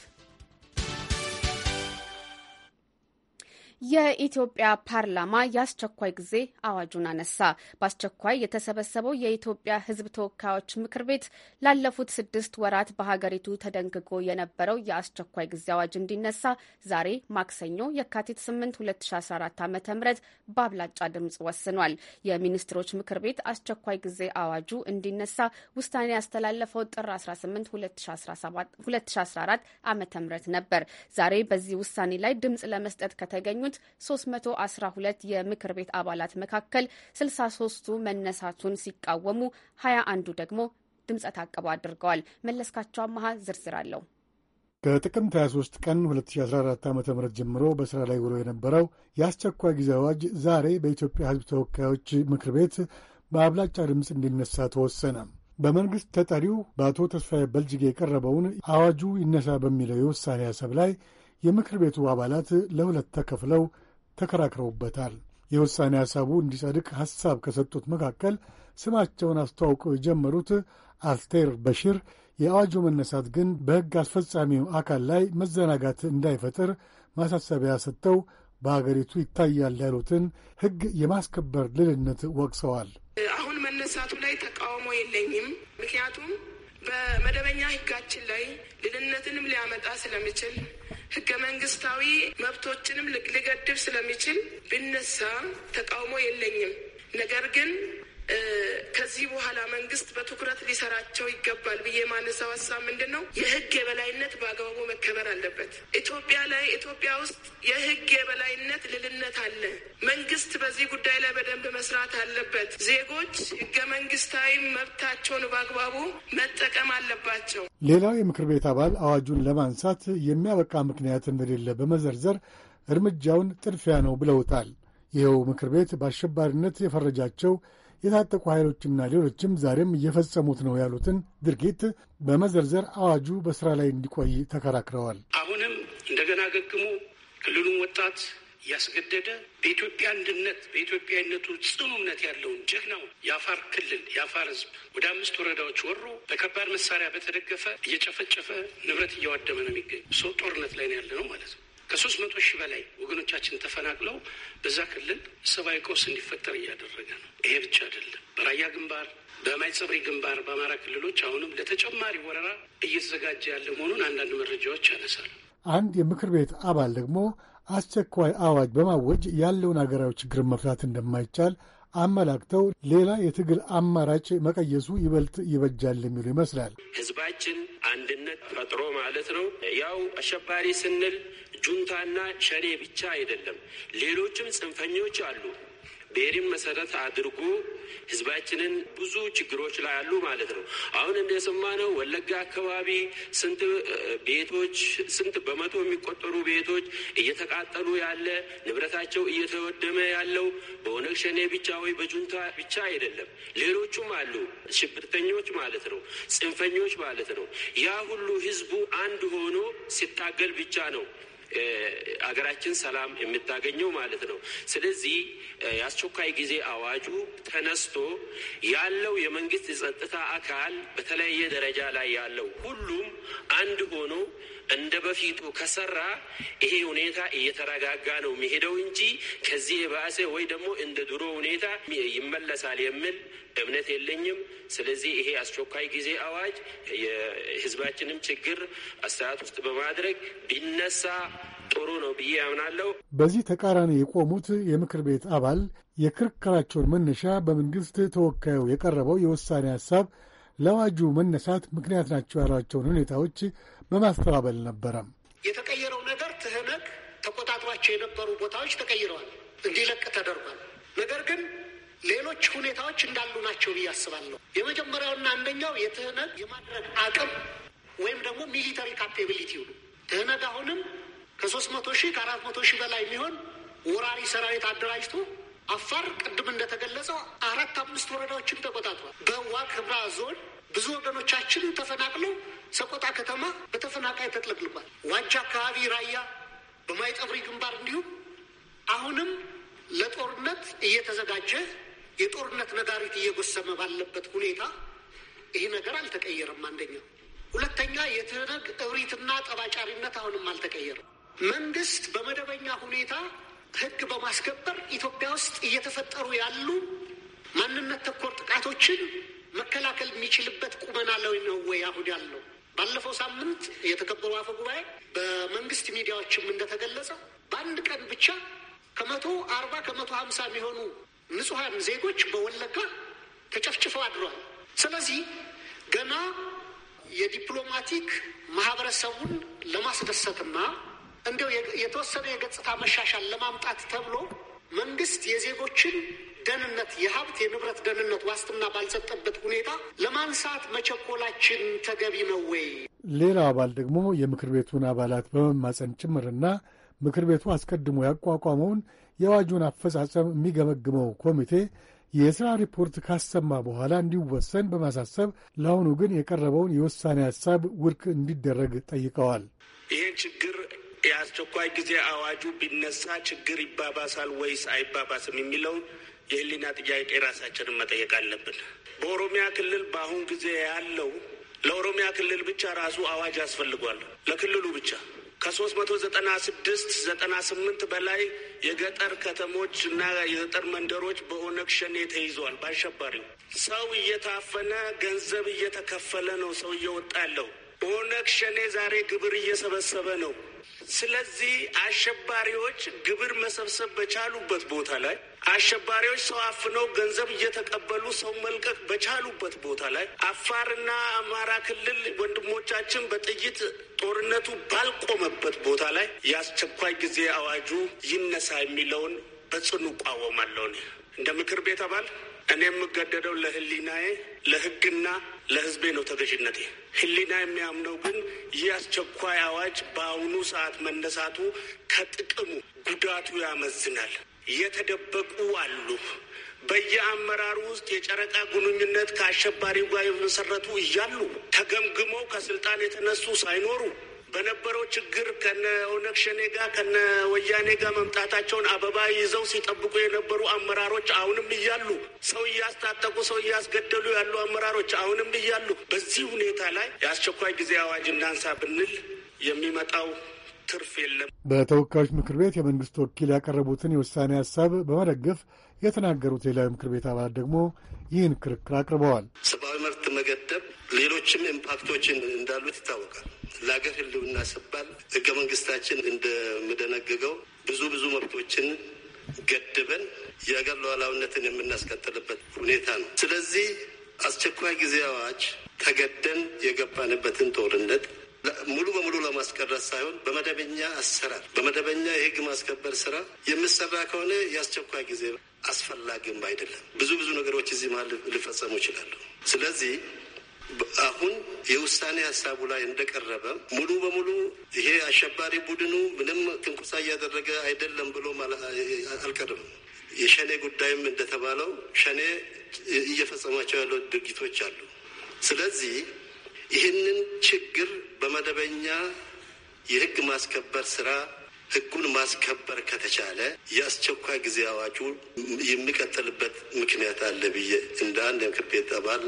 የኢትዮጵያ ፓርላማ የአስቸኳይ ጊዜ አዋጁን አነሳ። በአስቸኳይ የተሰበሰበው የኢትዮጵያ ሕዝብ ተወካዮች ምክር ቤት ላለፉት ስድስት ወራት በሀገሪቱ ተደንግጎ የነበረው የአስቸኳይ ጊዜ አዋጅ እንዲነሳ ዛሬ ማክሰኞ የካቲት 8 2014 ዓ ም በአብላጫ ድምጽ ወስኗል። የሚኒስትሮች ምክር ቤት አስቸኳይ ጊዜ አዋጁ እንዲነሳ ውሳኔ ያስተላለፈው ጥር 18 2014 ዓ ም ነበር። ዛሬ በዚህ ውሳኔ ላይ ድምጽ ለመስጠት ከተገኙ ከተገኙት 312 የምክር ቤት አባላት መካከል 63ቱ መነሳቱን ሲቃወሙ 21ዱ ደግሞ ድምፀ ታቅቦ አድርገዋል። መለስካቸው አመሃ ዝርዝር አለው። ከጥቅምት 23 ቀን 2014 ዓ ም ጀምሮ በሥራ ላይ ውሎ የነበረው የአስቸኳይ ጊዜ አዋጅ ዛሬ በኢትዮጵያ ሕዝብ ተወካዮች ምክር ቤት በአብላጫ ድምፅ እንዲነሳ ተወሰነ። በመንግሥት ተጠሪው በአቶ ተስፋዬ በልጅጌ የቀረበውን አዋጁ ይነሳ በሚለው የውሳኔ ሀሳብ ላይ የምክር ቤቱ አባላት ለሁለት ተከፍለው ተከራክረውበታል። የውሳኔ ሐሳቡ እንዲጸድቅ ሐሳብ ከሰጡት መካከል ስማቸውን አስተዋውቀው የጀመሩት አልቴር በሺር የአዋጁ መነሳት ግን በሕግ አስፈጻሚው አካል ላይ መዘናጋት እንዳይፈጥር ማሳሰቢያ ሰጥተው በአገሪቱ ይታያል ያሉትን ሕግ የማስከበር ልልነት ወቅሰዋል። አሁን መነሳቱ ላይ ተቃውሞ የለኝም፣ ምክንያቱም በመደበኛ ሕጋችን ላይ ልልነትንም ሊያመጣ ስለሚችል ህገ መንግስታዊ መብቶችንም ሊገድብ ስለሚችል ብነሳ ተቃውሞ የለኝም። ነገር ግን ከዚህ በኋላ መንግስት በትኩረት ሊሰራቸው ይገባል ብዬ ማነሳው ሀሳብ ምንድን ነው? የህግ የበላይነት በአግባቡ መከበር አለበት። ኢትዮጵያ ላይ ኢትዮጵያ ውስጥ የህግ የበላይነት ልልነት አለ። መንግስት በዚህ ጉዳይ ላይ በደንብ መስራት አለበት። ዜጎች ህገ መንግስታዊ መብታቸውን በአግባቡ መጠቀም አለባቸው። ሌላው የምክር ቤት አባል አዋጁን ለማንሳት የሚያበቃ ምክንያት እንደሌለ በመዘርዘር እርምጃውን ጥድፊያ ነው ብለውታል። ይኸው ምክር ቤት በአሸባሪነት የፈረጃቸው የታጠቁ ኃይሎችና ሌሎችም ዛሬም እየፈጸሙት ነው ያሉትን ድርጊት በመዘርዘር አዋጁ በስራ ላይ እንዲቆይ ተከራክረዋል። አሁንም እንደገና ገግሞ ክልሉን ወጣት ያስገደደ በኢትዮጵያ አንድነት በኢትዮጵያዊነቱ ጽኑ እምነት ያለውን ጀግናው የአፋር ክልል የአፋር ሕዝብ ወደ አምስት ወረዳዎች ወሮ በከባድ መሳሪያ በተደገፈ እየጨፈጨፈ ንብረት እያዋደመ ነው የሚገኝ ሰው ጦርነት ላይ ነው ያለ ነው ማለት ነው። ከሶስት መቶ ሺህ በላይ ወገኖቻችን ተፈናቅለው በዛ ክልል ሰብአዊ ቀውስ እንዲፈጠር እያደረገ ነው። ይሄ ብቻ አይደለም። በራያ ግንባር፣ በማይጸብሪ ግንባር፣ በአማራ ክልሎች አሁንም ለተጨማሪ ወረራ እየተዘጋጀ ያለ መሆኑን አንዳንድ መረጃዎች ያነሳሉ። አንድ የምክር ቤት አባል ደግሞ አስቸኳይ አዋጅ በማወጅ ያለውን ሀገራዊ ችግር መፍታት እንደማይቻል አመላክተው ሌላ የትግል አማራጭ መቀየሱ ይበልጥ ይበጃል የሚሉ ይመስላል። ህዝባችን አንድነት ፈጥሮ ማለት ነው። ያው አሸባሪ ስንል ጁንታና ሸኔ ብቻ አይደለም፣ ሌሎችም ጽንፈኞች አሉ። ብሔርን መሰረት አድርጎ ህዝባችንን ብዙ ችግሮች ላይ አሉ ማለት ነው። አሁን እንደሰማነው ወለጋ አካባቢ ስንት ቤቶች ስንት በመቶ የሚቆጠሩ ቤቶች እየተቃጠሉ ያለ ንብረታቸው እየተወደመ ያለው በኦነግ ሸኔ ብቻ ወይ በጁንታ ብቻ አይደለም፣ ሌሎቹም አሉ። ሽብርተኞች ማለት ነው፣ ጽንፈኞች ማለት ነው። ያ ሁሉ ህዝቡ አንድ ሆኖ ሲታገል ብቻ ነው አገራችን ሰላም የምታገኘው ማለት ነው። ስለዚህ የአስቸኳይ ጊዜ አዋጁ ተነስቶ ያለው የመንግስት የጸጥታ አካል በተለያየ ደረጃ ላይ ያለው ሁሉም አንድ ሆኖ እንደ በፊቱ ከሰራ ይሄ ሁኔታ እየተረጋጋ ነው የሚሄደው እንጂ ከዚህ የባሰ ወይ ደግሞ እንደ ድሮ ሁኔታ ይመለሳል የሚል እምነት የለኝም። ስለዚህ ይሄ አስቸኳይ ጊዜ አዋጅ የህዝባችንም ችግር አስተያየት ውስጥ በማድረግ ቢነሳ ጥሩ ነው ብዬ ያምናለሁ። በዚህ ተቃራኒ የቆሙት የምክር ቤት አባል የክርክራቸውን መነሻ በመንግስት ተወካዩ የቀረበው የውሳኔ ሀሳብ ለአዋጁ መነሳት ምክንያት ናቸው ያሏቸውን ሁኔታዎች በማስተባበል ነበረ። የተቀየረው ነገር ትህነግ ተቆጣጥሯቸው የነበሩ ቦታዎች ተቀይረዋል፣ እንዲለቅ ተደርጓል። ነገር ግን ሌሎች ሁኔታዎች እንዳሉ ናቸው ብዬ አስባለሁ። የመጀመሪያውና አንደኛው የትህነግ የማድረግ አቅም ወይም ደግሞ ሚሊተሪ ካፔቢሊቲ ነው። ትህነግ አሁንም ከሶስት መቶ ሺህ ከአራት መቶ ሺህ በላይ የሚሆን ወራሪ ሰራዊት አደራጅቶ አፋር ቅድም እንደተገለጸው አራት አምስት ወረዳዎችን ተቆጣጥሯል። በዋግ ህምራ ዞን ብዙ ወገኖቻችን ተፈናቅለው ሰቆጣ ከተማ በተፈናቃይ ተጥለቅልቋል። ዋጃ አካባቢ፣ ራያ፣ በማይጠብሪ ግንባር እንዲሁም አሁንም ለጦርነት እየተዘጋጀ የጦርነት ነጋሪት እየጎሰመ ባለበት ሁኔታ ይሄ ነገር አልተቀየረም። አንደኛው ሁለተኛ የትህነግ እብሪትና ጠባጫሪነት አሁንም አልተቀየረም። መንግስት በመደበኛ ሁኔታ ህግ በማስከበር ኢትዮጵያ ውስጥ እየተፈጠሩ ያሉ ማንነት ተኮር ጥቃቶችን መከላከል የሚችልበት ቁመና ላይ ነው ወይ አሁን ያለው? ባለፈው ሳምንት የተከበሩ አፈ ጉባኤ በመንግስት ሚዲያዎችም እንደተገለጸው በአንድ ቀን ብቻ ከመቶ አርባ ከመቶ ሀምሳ የሚሆኑ ንጹሐን ዜጎች በወለጋ ተጨፍጭፈው አድረዋል። ስለዚህ ገና የዲፕሎማቲክ ማህበረሰቡን ለማስደሰትና እንዲያው የተወሰነ የገጽታ መሻሻል ለማምጣት ተብሎ መንግስት የዜጎችን ደህንነት የሀብት የንብረት ደህንነት ዋስትና ባልሰጠበት ሁኔታ ለማንሳት መቸኮላችን ተገቢ ነው ወይ? ሌላው አባል ደግሞ የምክር ቤቱን አባላት በመማፀን ጭምርና ምክር ቤቱ አስቀድሞ ያቋቋመውን የአዋጁን አፈጻጸም የሚገመግመው ኮሚቴ የሥራ ሪፖርት ካሰማ በኋላ እንዲወሰን በማሳሰብ ለአሁኑ ግን የቀረበውን የውሳኔ ሐሳብ ውድቅ እንዲደረግ ጠይቀዋል። ይህን ችግር የአስቸኳይ ጊዜ አዋጁ ቢነሳ ችግር ይባባሳል ወይስ አይባባስም የሚለውን የህሊና ጥያቄ ራሳችንን መጠየቅ አለብን። በኦሮሚያ ክልል በአሁን ጊዜ ያለው ለኦሮሚያ ክልል ብቻ ራሱ አዋጅ ያስፈልጓል። ለክልሉ ብቻ ከሶስት መቶ ዘጠና ስድስት ዘጠና ስምንት በላይ የገጠር ከተሞች እና የገጠር መንደሮች በኦነግ ሸኔ ተይዘዋል። በአሸባሪው ሰው እየታፈነ ገንዘብ እየተከፈለ ነው ሰው እየወጣ ያለው። ኦነግ ሸኔ ዛሬ ግብር እየሰበሰበ ነው። ስለዚህ አሸባሪዎች ግብር መሰብሰብ በቻሉበት ቦታ ላይ አሸባሪዎች ሰው አፍነው ገንዘብ እየተቀበሉ ሰው መልቀቅ በቻሉበት ቦታ ላይ አፋርና አማራ ክልል ወንድሞቻችን በጥይት ጦርነቱ ባልቆመበት ቦታ ላይ የአስቸኳይ ጊዜ አዋጁ ይነሳ የሚለውን በጽኑ እቃወማለሁ። እንደ ምክር ቤት አባል እኔ የምገደደው ለህሊናዬ፣ ለህግና ለህዝቤ ነው ተገዥነቴ። ህሊና የሚያምነው ግን ይህ አስቸኳይ አዋጅ በአሁኑ ሰዓት መነሳቱ ከጥቅሙ ጉዳቱ ያመዝናል። የተደበቁ አሉ። በየአመራሩ ውስጥ የጨረቃ ግንኙነት ከአሸባሪ ጋር የመሰረቱ እያሉ ተገምግመው ከስልጣን የተነሱ ሳይኖሩ በነበረው ችግር ከነ ኦነግ ሸኔ ጋር ከነ ወያኔ ጋር መምጣታቸውን አበባ ይዘው ሲጠብቁ የነበሩ አመራሮች አሁንም እያሉ ሰው እያስታጠቁ ሰው እያስገደሉ ያሉ አመራሮች አሁንም እያሉ በዚህ ሁኔታ ላይ የአስቸኳይ ጊዜ አዋጅ እናንሳ ብንል የሚመጣው ትርፍ የለም። በተወካዮች ምክር ቤት የመንግስት ወኪል ያቀረቡትን የውሳኔ ሀሳብ በመደገፍ የተናገሩት ሌላ ምክር ቤት አባላት ደግሞ ይህን ክርክር አቅርበዋል። ሰብአዊ መብት መገደብ ሌሎችም ኢምፓክቶችን እንዳሉት ይታወቃል። ለሀገር ህልውና ስባል ህገ መንግስታችን እንደምደነግገው ብዙ ብዙ መብቶችን ገድበን የሀገር ሉዓላዊነትን የምናስቀጥልበት ሁኔታ ነው። ስለዚህ አስቸኳይ ጊዜ አዋጅ ተገደን የገባንበትን ጦርነት ሙሉ በሙሉ ለማስቀረት ሳይሆን በመደበኛ አሰራር በመደበኛ የህግ ማስከበር ስራ የምሰራ ከሆነ የአስቸኳይ ጊዜ አስፈላጊም አይደለም። ብዙ ብዙ ነገሮች እዚህ መሀል ሊፈጸሙ ይችላሉ። ስለዚህ አሁን የውሳኔ ሀሳቡ ላይ እንደቀረበ ሙሉ በሙሉ ይሄ አሸባሪ ቡድኑ ምንም ትንኩሳ እያደረገ አይደለም ብሎ አልቀርም። የሸኔ ጉዳይም እንደተባለው ሸኔ እየፈጸማቸው ያለው ድርጊቶች አሉ። ስለዚህ ይህንን ችግር በመደበኛ የህግ ማስከበር ስራ ህጉን ማስከበር ከተቻለ የአስቸኳይ ጊዜ አዋጁ የሚቀጥልበት ምክንያት አለ ብዬ እንደ አንድ የምክር ቤት አባል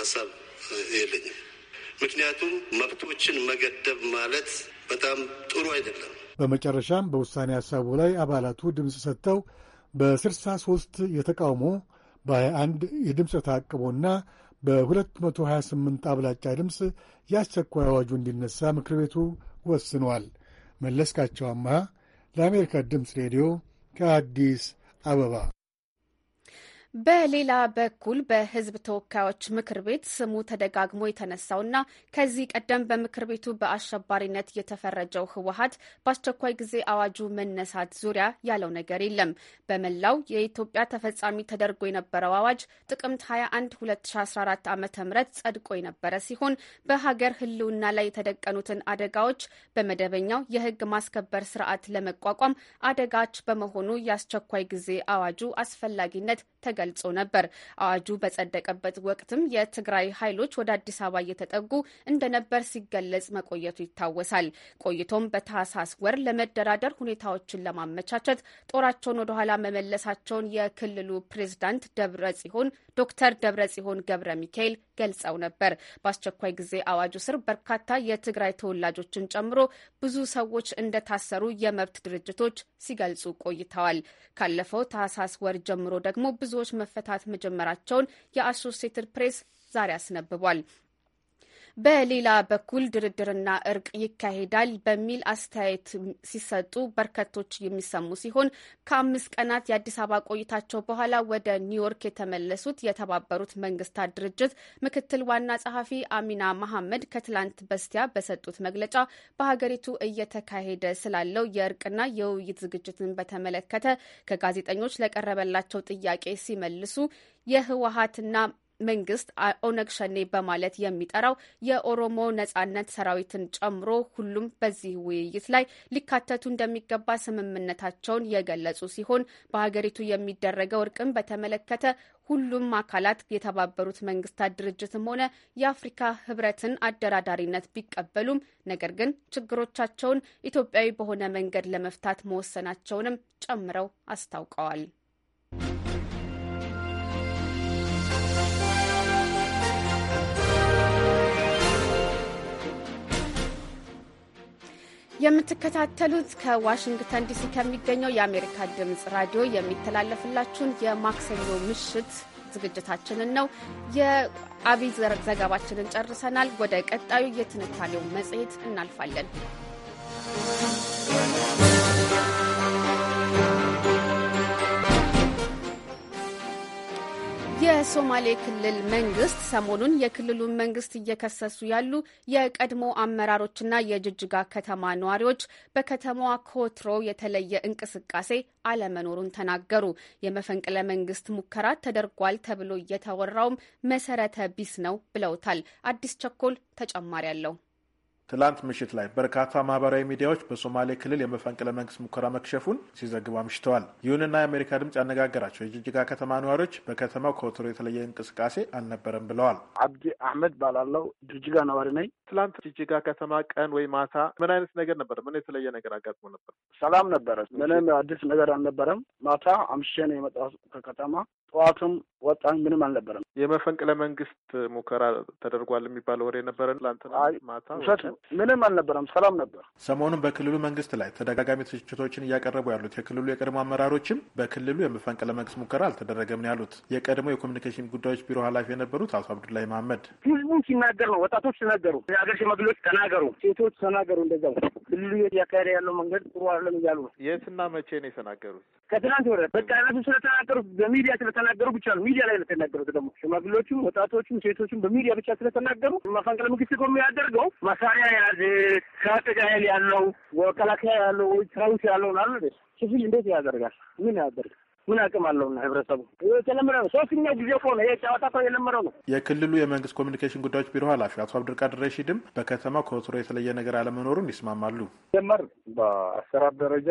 ሀሳብ የለኝም። ምክንያቱም መብቶችን መገደብ ማለት በጣም ጥሩ አይደለም። በመጨረሻም በውሳኔ ሀሳቡ ላይ አባላቱ ድምፅ ሰጥተው በ63 የተቃውሞ በ21 የድምፅ ተአቅቦና በ228 አብላጫ ድምፅ የአስቸኳይ አዋጁ እንዲነሳ ምክር ቤቱ ወስኗል። መለስካቸው አማሃ ለአሜሪካ ድምፅ ሬዲዮ ከአዲስ አበባ በሌላ በኩል በሕዝብ ተወካዮች ምክር ቤት ስሙ ተደጋግሞ የተነሳውና ከዚህ ቀደም በምክር ቤቱ በአሸባሪነት የተፈረጀው ህወሀት በአስቸኳይ ጊዜ አዋጁ መነሳት ዙሪያ ያለው ነገር የለም። በመላው የኢትዮጵያ ተፈጻሚ ተደርጎ የነበረው አዋጅ ጥቅምት 21 2014 ዓ ም ጸድቆ የነበረ ሲሆን በሀገር ህልውና ላይ የተደቀኑትን አደጋዎች በመደበኛው የህግ ማስከበር ስርዓት ለመቋቋም አደጋች በመሆኑ የአስቸኳይ ጊዜ አዋጁ አስፈላጊነት ተገ ገልጾ ነበር። አዋጁ በጸደቀበት ወቅትም የትግራይ ኃይሎች ወደ አዲስ አበባ እየተጠጉ እንደነበር ሲገለጽ መቆየቱ ይታወሳል። ቆይቶም በታህሳስ ወር ለመደራደር ሁኔታዎችን ለማመቻቸት ጦራቸውን ወደኋላ መመለሳቸውን የክልሉ ፕሬዝዳንት ደብረ ጽዮን ዶክተር ደብረ ጽዮን ገብረ ሚካኤል ገልጸው ነበር። በአስቸኳይ ጊዜ አዋጁ ስር በርካታ የትግራይ ተወላጆችን ጨምሮ ብዙ ሰዎች እንደታሰሩ የመብት ድርጅቶች ሲገልጹ ቆይተዋል። ካለፈው ታህሳስ ወር ጀምሮ ደግሞ ብዙዎች መፈታት መጀመራቸውን የአሶሴትድ ፕሬስ ዛሬ አስነብቧል። በሌላ በኩል ድርድርና እርቅ ይካሄዳል በሚል አስተያየት ሲሰጡ በርከቶች የሚሰሙ ሲሆን ከአምስት ቀናት የአዲስ አበባ ቆይታቸው በኋላ ወደ ኒውዮርክ የተመለሱት የተባበሩት መንግስታት ድርጅት ምክትል ዋና ጸሐፊ አሚና መሐመድ ከትላንት በስቲያ በሰጡት መግለጫ በሀገሪቱ እየተካሄደ ስላለው የእርቅና የውይይት ዝግጅትን በተመለከተ ከጋዜጠኞች ለቀረበላቸው ጥያቄ ሲመልሱ የህወሀትና መንግስት ኦነግ ሸኔ በማለት የሚጠራው የኦሮሞ ነጻነት ሰራዊትን ጨምሮ ሁሉም በዚህ ውይይት ላይ ሊካተቱ እንደሚገባ ስምምነታቸውን የገለጹ ሲሆን በሀገሪቱ የሚደረገው እርቅን በተመለከተ ሁሉም አካላት የተባበሩት መንግስታት ድርጅትም ሆነ የአፍሪካ ህብረትን አደራዳሪነት ቢቀበሉም ነገር ግን ችግሮቻቸውን ኢትዮጵያዊ በሆነ መንገድ ለመፍታት መወሰናቸውንም ጨምረው አስታውቀዋል። የምትከታተሉት ከዋሽንግተን ዲሲ ከሚገኘው የአሜሪካ ድምፅ ራዲዮ የሚተላለፍላችሁን የማክሰኞ ምሽት ዝግጅታችንን ነው። የአብይ ዘገባችንን ጨርሰናል። ወደ ቀጣዩ የትንታኔው መጽሔት እናልፋለን። የሶማሌ ክልል መንግስት ሰሞኑን የክልሉን መንግስት እየከሰሱ ያሉ የቀድሞ አመራሮችና የጅጅጋ ከተማ ነዋሪዎች በከተማዋ ከወትሮ የተለየ እንቅስቃሴ አለመኖሩን ተናገሩ። የመፈንቅለ መንግስት ሙከራ ተደርጓል ተብሎ እየተወራውም መሰረተ ቢስ ነው ብለውታል። አዲስ ቸኮል ተጨማሪ አለው። ትላንት ምሽት ላይ በርካታ ማህበራዊ ሚዲያዎች በሶማሌ ክልል የመፈንቅለ መንግስት ሙከራ መክሸፉን ሲዘግቡ አምሽተዋል። ይሁንና የአሜሪካ ድምፅ ያነጋገራቸው የጅጅጋ ከተማ ነዋሪዎች በከተማው ከወትሮ የተለየ እንቅስቃሴ አልነበረም ብለዋል። አብዲ አህመድ ባላለው ጅጅጋ ነዋሪ ነኝ። ትላንት ጅጅጋ ከተማ ቀን ወይ ማታ ምን አይነት ነገር ነበር? ምን የተለየ ነገር አጋጥሞ ነበር? ሰላም ነበረ። ምንም አዲስ ነገር አልነበረም። ማታ አምሽቼ ነው የመጣሁት ከከተማ ጠዋቱም ወጣን፣ ምንም አልነበረም። የመፈንቅለ መንግስት ሙከራ ተደርጓል የሚባል ወሬ ነበረ። ትላንትና ማታ ውሸት፣ ምንም አልነበረም፣ ሰላም ነበር። ሰሞኑን በክልሉ መንግስት ላይ ተደጋጋሚ ትችቶችን እያቀረቡ ያሉት የክልሉ የቀድሞ አመራሮችም በክልሉ የመፈንቅለ መንግስት ሙከራ አልተደረገም ነው ያሉት። የቀድሞ የኮሚኒኬሽን ጉዳዮች ቢሮ ኃላፊ የነበሩት አቶ አብዱላይ መሀመድ ህዝቡ ሲናገር ነው፣ ወጣቶች ሲናገሩ፣ የሀገር ሽማግሌዎች ተናገሩ፣ ሴቶች ተናገሩ። እንደዛ ክልሉ እያካሄደ ያለው መንገድ ጥሩ አይደለም እያሉ ነው። የትና መቼ ነው የተናገሩት? ከትናንት ወረ በቃ እነሱ ስለተናገሩት በሚዲያ ስለ ስለተናገሩ ብቻ ነው። ሚዲያ ላይ ነው የተናገሩት። ደግሞ ሽማግሌዎቹም፣ ወጣቶቹም፣ ሴቶችም በሚዲያ ብቻ ስለተናገሩ መፈንቅለ መንግስት እኮ የሚያደርገው መሳሪያ የያዘ ከአጠቃ ኃይል ያለው መከላከያ ያለው ወይ ሰራዊት ያለው አለ ሲቪል እንዴት ያደርጋል? ምን ያደርጋል? ምን አቅም አለውና ህብረተሰቡ የተለመደ ነው። ሶስተኛው ጊዜ እኮ ነው ይሄ ጨዋታ እኮ የለመደው ነው። የክልሉ የመንግስት ኮሚኒኬሽን ጉዳዮች ቢሮ ኃላፊ አቶ አብዱልቃድር ረሺድም በከተማው ከወትሮ የተለየ ነገር አለመኖሩን ይስማማሉ። ጀመር በአሰራር ደረጃ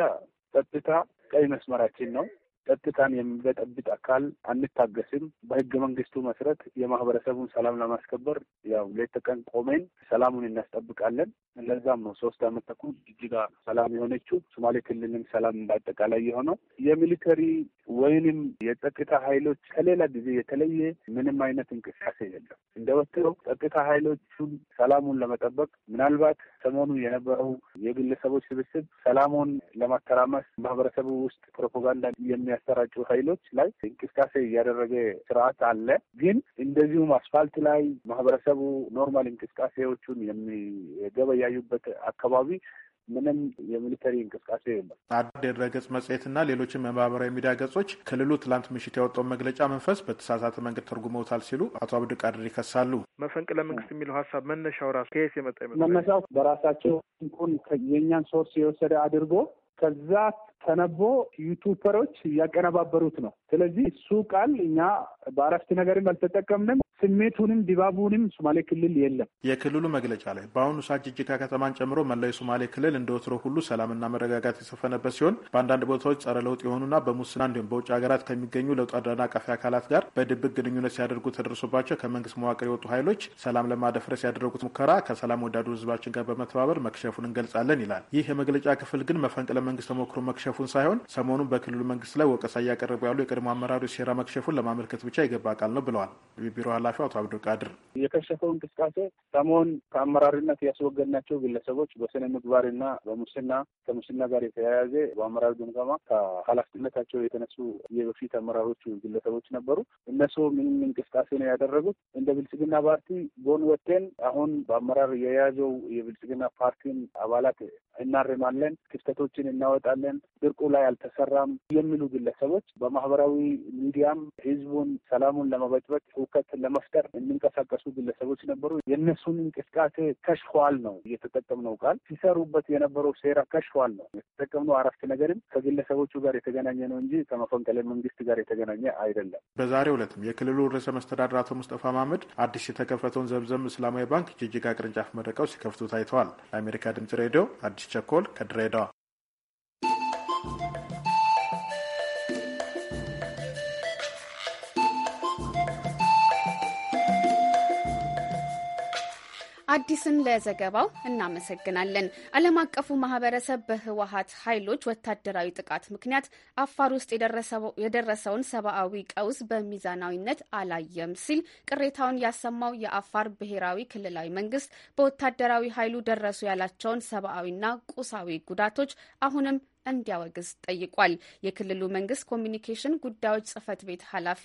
ጸጥታ ቀይ መስመራችን ነው። ጸጥታን የሚበጠብጥ አካል አንታገስም። በህገ መንግስቱ መሰረት የማህበረሰቡን ሰላም ለማስከበር ያው ሌት ተቀን ቆመን ሰላሙን እናስጠብቃለን። ለዛም ነው ሶስት አመት ተኩል ጅጅጋ ሰላም የሆነችው ሶማሌ ክልልም ሰላም እንዳጠቃላይ የሆነው የሚሊተሪ ወይንም የጸጥታ ኃይሎች ከሌላ ጊዜ የተለየ ምንም አይነት እንቅስቃሴ የለም። እንደ ወትሮው ጸጥታ ኃይሎቹን ሰላሙን ለመጠበቅ ምናልባት ሰሞኑ የነበረው የግለሰቦች ስብስብ ሰላሙን ለማተራመስ ማህበረሰቡ ውስጥ ፕሮፓጋንዳ የሚያሰራጩ ኃይሎች ላይ እንቅስቃሴ እያደረገ ስርዓት አለ። ግን እንደዚሁም አስፋልት ላይ ማህበረሰቡ ኖርማል እንቅስቃሴዎቹን የሚገበያዩበት አካባቢ ምንም የሚሊተሪ እንቅስቃሴ የለም። አዲስ ድረገጽ መጽሔትና ሌሎችም የማህበራዊ ሚዲያ ገጾች ክልሉ ትላንት ምሽት ያወጣውን መግለጫ መንፈስ በተሳሳተ መንገድ ተርጉመውታል ሲሉ አቶ አብዱ ቃድር ይከሳሉ። መፈንቅለ መንግስት የሚለው ሀሳብ መነሻው ራሱ ከየት የመጣ ይመስላል? መነሻው በራሳቸው ንኩን የእኛን ሶርስ የወሰደ አድርጎ ከዛ ተነቦ ዩቱበሮች እያቀነባበሩት ነው። ስለዚህ እሱ ቃል እኛ በአረፍት ነገርም አልተጠቀምንም። ስሜቱንም ድባቡንም ሶማሌ ክልል የለም። የክልሉ መግለጫ ላይ በአሁኑ ሰዓት ጅጅጋ ከተማን ጨምሮ መላው የሶማሌ ክልል እንደ ወትሮ ሁሉ ሰላምና መረጋጋት የሰፈነበት ሲሆን በአንዳንድ ቦታዎች ጸረ ለውጥ የሆኑና በሙስና እንዲሁም በውጭ ሀገራት ከሚገኙ ለውጥ አደናቃፊ አካላት ጋር በድብቅ ግንኙነት ሲያደርጉ ተደርሶባቸው ከመንግስት መዋቅር የወጡ ኃይሎች ሰላም ለማደፍረስ ያደረጉት ሙከራ ከሰላም ወዳዱ ህዝባችን ጋር በመተባበር መክሸፉን እንገልጻለን ይላል። ይህ የመግለጫ ክፍል ግን መፈንቅለ መንግስት ተሞክሮ መክሸፉን ሳይሆን ሰሞኑን በክልሉ መንግስት ላይ ወቀሳ እያቀረቡ ያሉ የቀድሞ አመራሮች ሴራ መክሸፉን ለማመልከት ብቻ የገባ ቃል ነው ብለዋል። ቢሮ ኃላፊው አቶ አብዱልቃድር የከሸፈው እንቅስቃሴ ሰሞን ከአመራርነት ያስወገድናቸው ግለሰቦች በስነ ምግባርና በሙስና ከሙስና ጋር የተያያዘ በአመራር ግምገማ ከኃላፊነታቸው የተነሱ የበፊት አመራሮቹ ግለሰቦች ነበሩ። እነሱ ምንም እንቅስቃሴ ነው ያደረጉት። እንደ ብልጽግና ፓርቲ ጎን ወጥተን አሁን በአመራር የያዘው የብልጽግና ፓርቲን አባላት እናርማለን፣ ክፍተቶችን እናወጣለን፣ ድርቁ ላይ አልተሰራም የሚሉ ግለሰቦች በማህበራዊ ሚዲያም ህዝቡን ሰላሙን ለመበጭበጭ እውቀት ለመ ለመፍጠር የሚንቀሳቀሱ ግለሰቦች ነበሩ። የእነሱን እንቅስቃሴ ከሽፏል ነው እየተጠቀምነው ቃል ሲሰሩበት የነበረው ሴራ ከሽፏል ነው የተጠቀምነው። አረፍት ነገርም ከግለሰቦቹ ጋር የተገናኘ ነው እንጂ ከመፈንቅለ መንግስት ጋር የተገናኘ አይደለም። በዛሬው ዕለትም የክልሉ ርዕሰ መስተዳድር አቶ ሙስጠፋ ማመድ አዲስ የተከፈተውን ዘምዘም እስላማዊ ባንክ ጅጅጋ ቅርንጫፍ መርቀው ሲከፍቱ ታይተዋል። ለአሜሪካ ድምጽ ሬዲዮ አዲስ ቸኮል ከድሬዳዋ አዲስን ለዘገባው እናመሰግናለን። ዓለም አቀፉ ማህበረሰብ በህወሀት ኃይሎች ወታደራዊ ጥቃት ምክንያት አፋር ውስጥ የደረሰውን ሰብአዊ ቀውስ በሚዛናዊነት አላየም ሲል ቅሬታውን ያሰማው የአፋር ብሔራዊ ክልላዊ መንግስት በወታደራዊ ኃይሉ ደረሱ ያላቸውን ሰብአዊና ቁሳዊ ጉዳቶች አሁንም እንዲያወግዝ ጠይቋል። የክልሉ መንግስት ኮሚኒኬሽን ጉዳዮች ጽህፈት ቤት ኃላፊ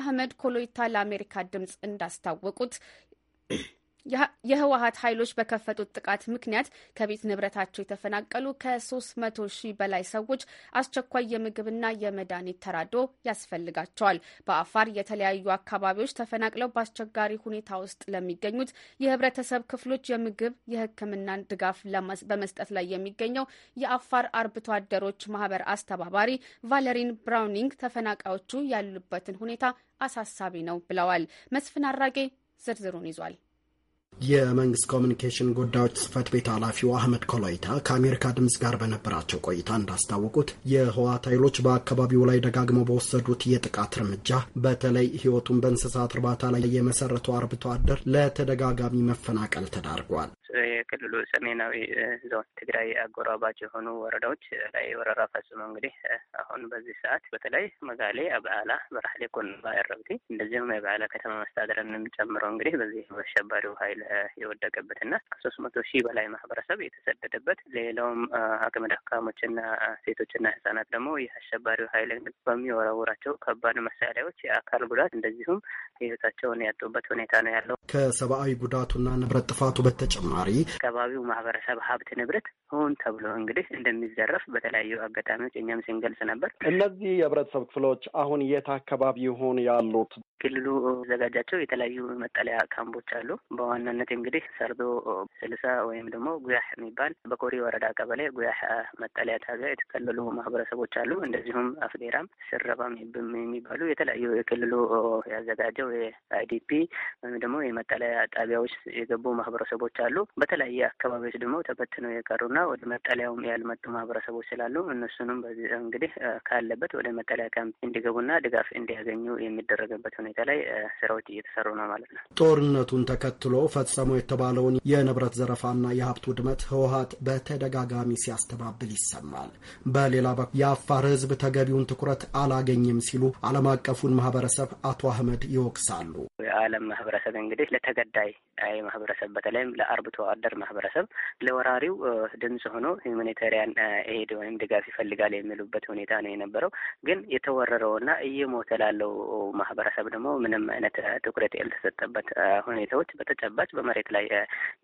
አህመድ ኮሎይታ ለአሜሪካ ድምጽ እንዳስታወቁት የህወሀት ኃይሎች በከፈቱት ጥቃት ምክንያት ከቤት ንብረታቸው የተፈናቀሉ ከ300 ሺህ በላይ ሰዎች አስቸኳይ የምግብና የመድኃኒት ተራድኦ ያስፈልጋቸዋል። በአፋር የተለያዩ አካባቢዎች ተፈናቅለው በአስቸጋሪ ሁኔታ ውስጥ ለሚገኙት የህብረተሰብ ክፍሎች የምግብ የህክምና ድጋፍ በመስጠት ላይ የሚገኘው የአፋር አርብቶ አደሮች ማህበር አስተባባሪ ቫለሪን ብራውኒንግ ተፈናቃዮቹ ያሉበትን ሁኔታ አሳሳቢ ነው ብለዋል። መስፍን አራጌ ዝርዝሩን ይዟል። የመንግስት ኮሚኒኬሽን ጉዳዮች ጽህፈት ቤት ኃላፊው አህመድ ኮሎይታ ከአሜሪካ ድምፅ ጋር በነበራቸው ቆይታ እንዳስታወቁት የህወሓት ኃይሎች በአካባቢው ላይ ደጋግመው በወሰዱት የጥቃት እርምጃ በተለይ ህይወቱን በእንስሳት እርባታ ላይ የመሰረተው አርብቶ አደር ለተደጋጋሚ መፈናቀል ተዳርጓል። የክልሉ ሰሜናዊ ዞን ትግራይ አጎራባች የሆኑ ወረዳዎች ላይ ወረራ ፈጽሞ እንግዲህ አሁን በዚህ ሰዓት በተለይ መጋሌ፣ አብዓላ፣ በራህሌ፣ ኮንባ፣ ያረብቲ እንደዚሁም የበዓላ ከተማ መስተዳደርን ጨምሮ እንግዲህ በዚህ በአሸባሪው ኃይል የወደቀበትና ከሶስት መቶ ሺህ በላይ ማህበረሰብ የተሰደደበት ሌላውም አቅመ ደካሞችና ሴቶችና ህጻናት ደግሞ የአሸባሪው ኃይል በሚወረውራቸው ከባድ መሳሪያዎች የአካል ጉዳት እንደዚሁም ህይወታቸውን ያጡበት ሁኔታ ነው ያለው። ከሰብአዊ ጉዳቱና ንብረት ጥፋቱ በተጨማ በተጨማሪ አካባቢው ማህበረሰብ ሀብት ንብረት ሆን ተብሎ እንግዲህ እንደሚዘረፍ በተለያዩ አጋጣሚዎች እኛም ስንገልጽ ነበር። እነዚህ የህብረተሰብ ክፍሎች አሁን የት አካባቢ ይሆን ያሉት? ክልሉ ዘጋጃቸው የተለያዩ መጠለያ ካምቦች አሉ። በዋናነት እንግዲህ ሰርዶ ስልሳ ወይም ደግሞ ጉያህ የሚባል በኮሪ ወረዳ ቀበሌ ጉያህ መጠለያ ጣቢያ የተከለሉ ማህበረሰቦች አሉ። እንደዚሁም አፍዴራም ስረባም የሚባሉ የተለያዩ የክልሉ ያዘጋጀው የአይዲፒ ወይም ደግሞ የመጠለያ ጣቢያዎች የገቡ ማህበረሰቦች አሉ። በተለያየ አካባቢዎች ደግሞ ተበትነው የቀሩና ወደ መጠለያውም ያልመጡ ማህበረሰቦች ስላሉ እነሱንም በዚህ እንግዲህ ካለበት ወደ መጠለያ ካምፕ እንዲገቡና ድጋፍ እንዲያገኙ የሚደረግበት ሁኔታ ላይ ስራዎች እየተሰሩ ነው ማለት ነው። ጦርነቱን ተከትሎ ፈጸሞ የተባለውን የንብረት ዘረፋና የሀብት ውድመት ህወሀት በተደጋጋሚ ሲያስተባብል ይሰማል። በሌላ በኩል የአፋር ህዝብ ተገቢውን ትኩረት አላገኝም ሲሉ ዓለም አቀፉን ማህበረሰብ አቶ አህመድ ይወቅሳሉ። የዓለም ማህበረሰብ እንግዲህ ለተገዳይ ማህበረሰብ በተለይም ለአርብቶ አርሶ አደር ማህበረሰብ ለወራሪው ድምጽ ሆኖ ሁማኒታሪያን ኤድ ወይም ድጋፍ ይፈልጋል የሚሉበት ሁኔታ ነው የነበረው። ግን የተወረረውና እየሞተ ላለው ማህበረሰብ ደግሞ ምንም አይነት ትኩረት ያልተሰጠበት ሁኔታዎች በተጨባጭ በመሬት ላይ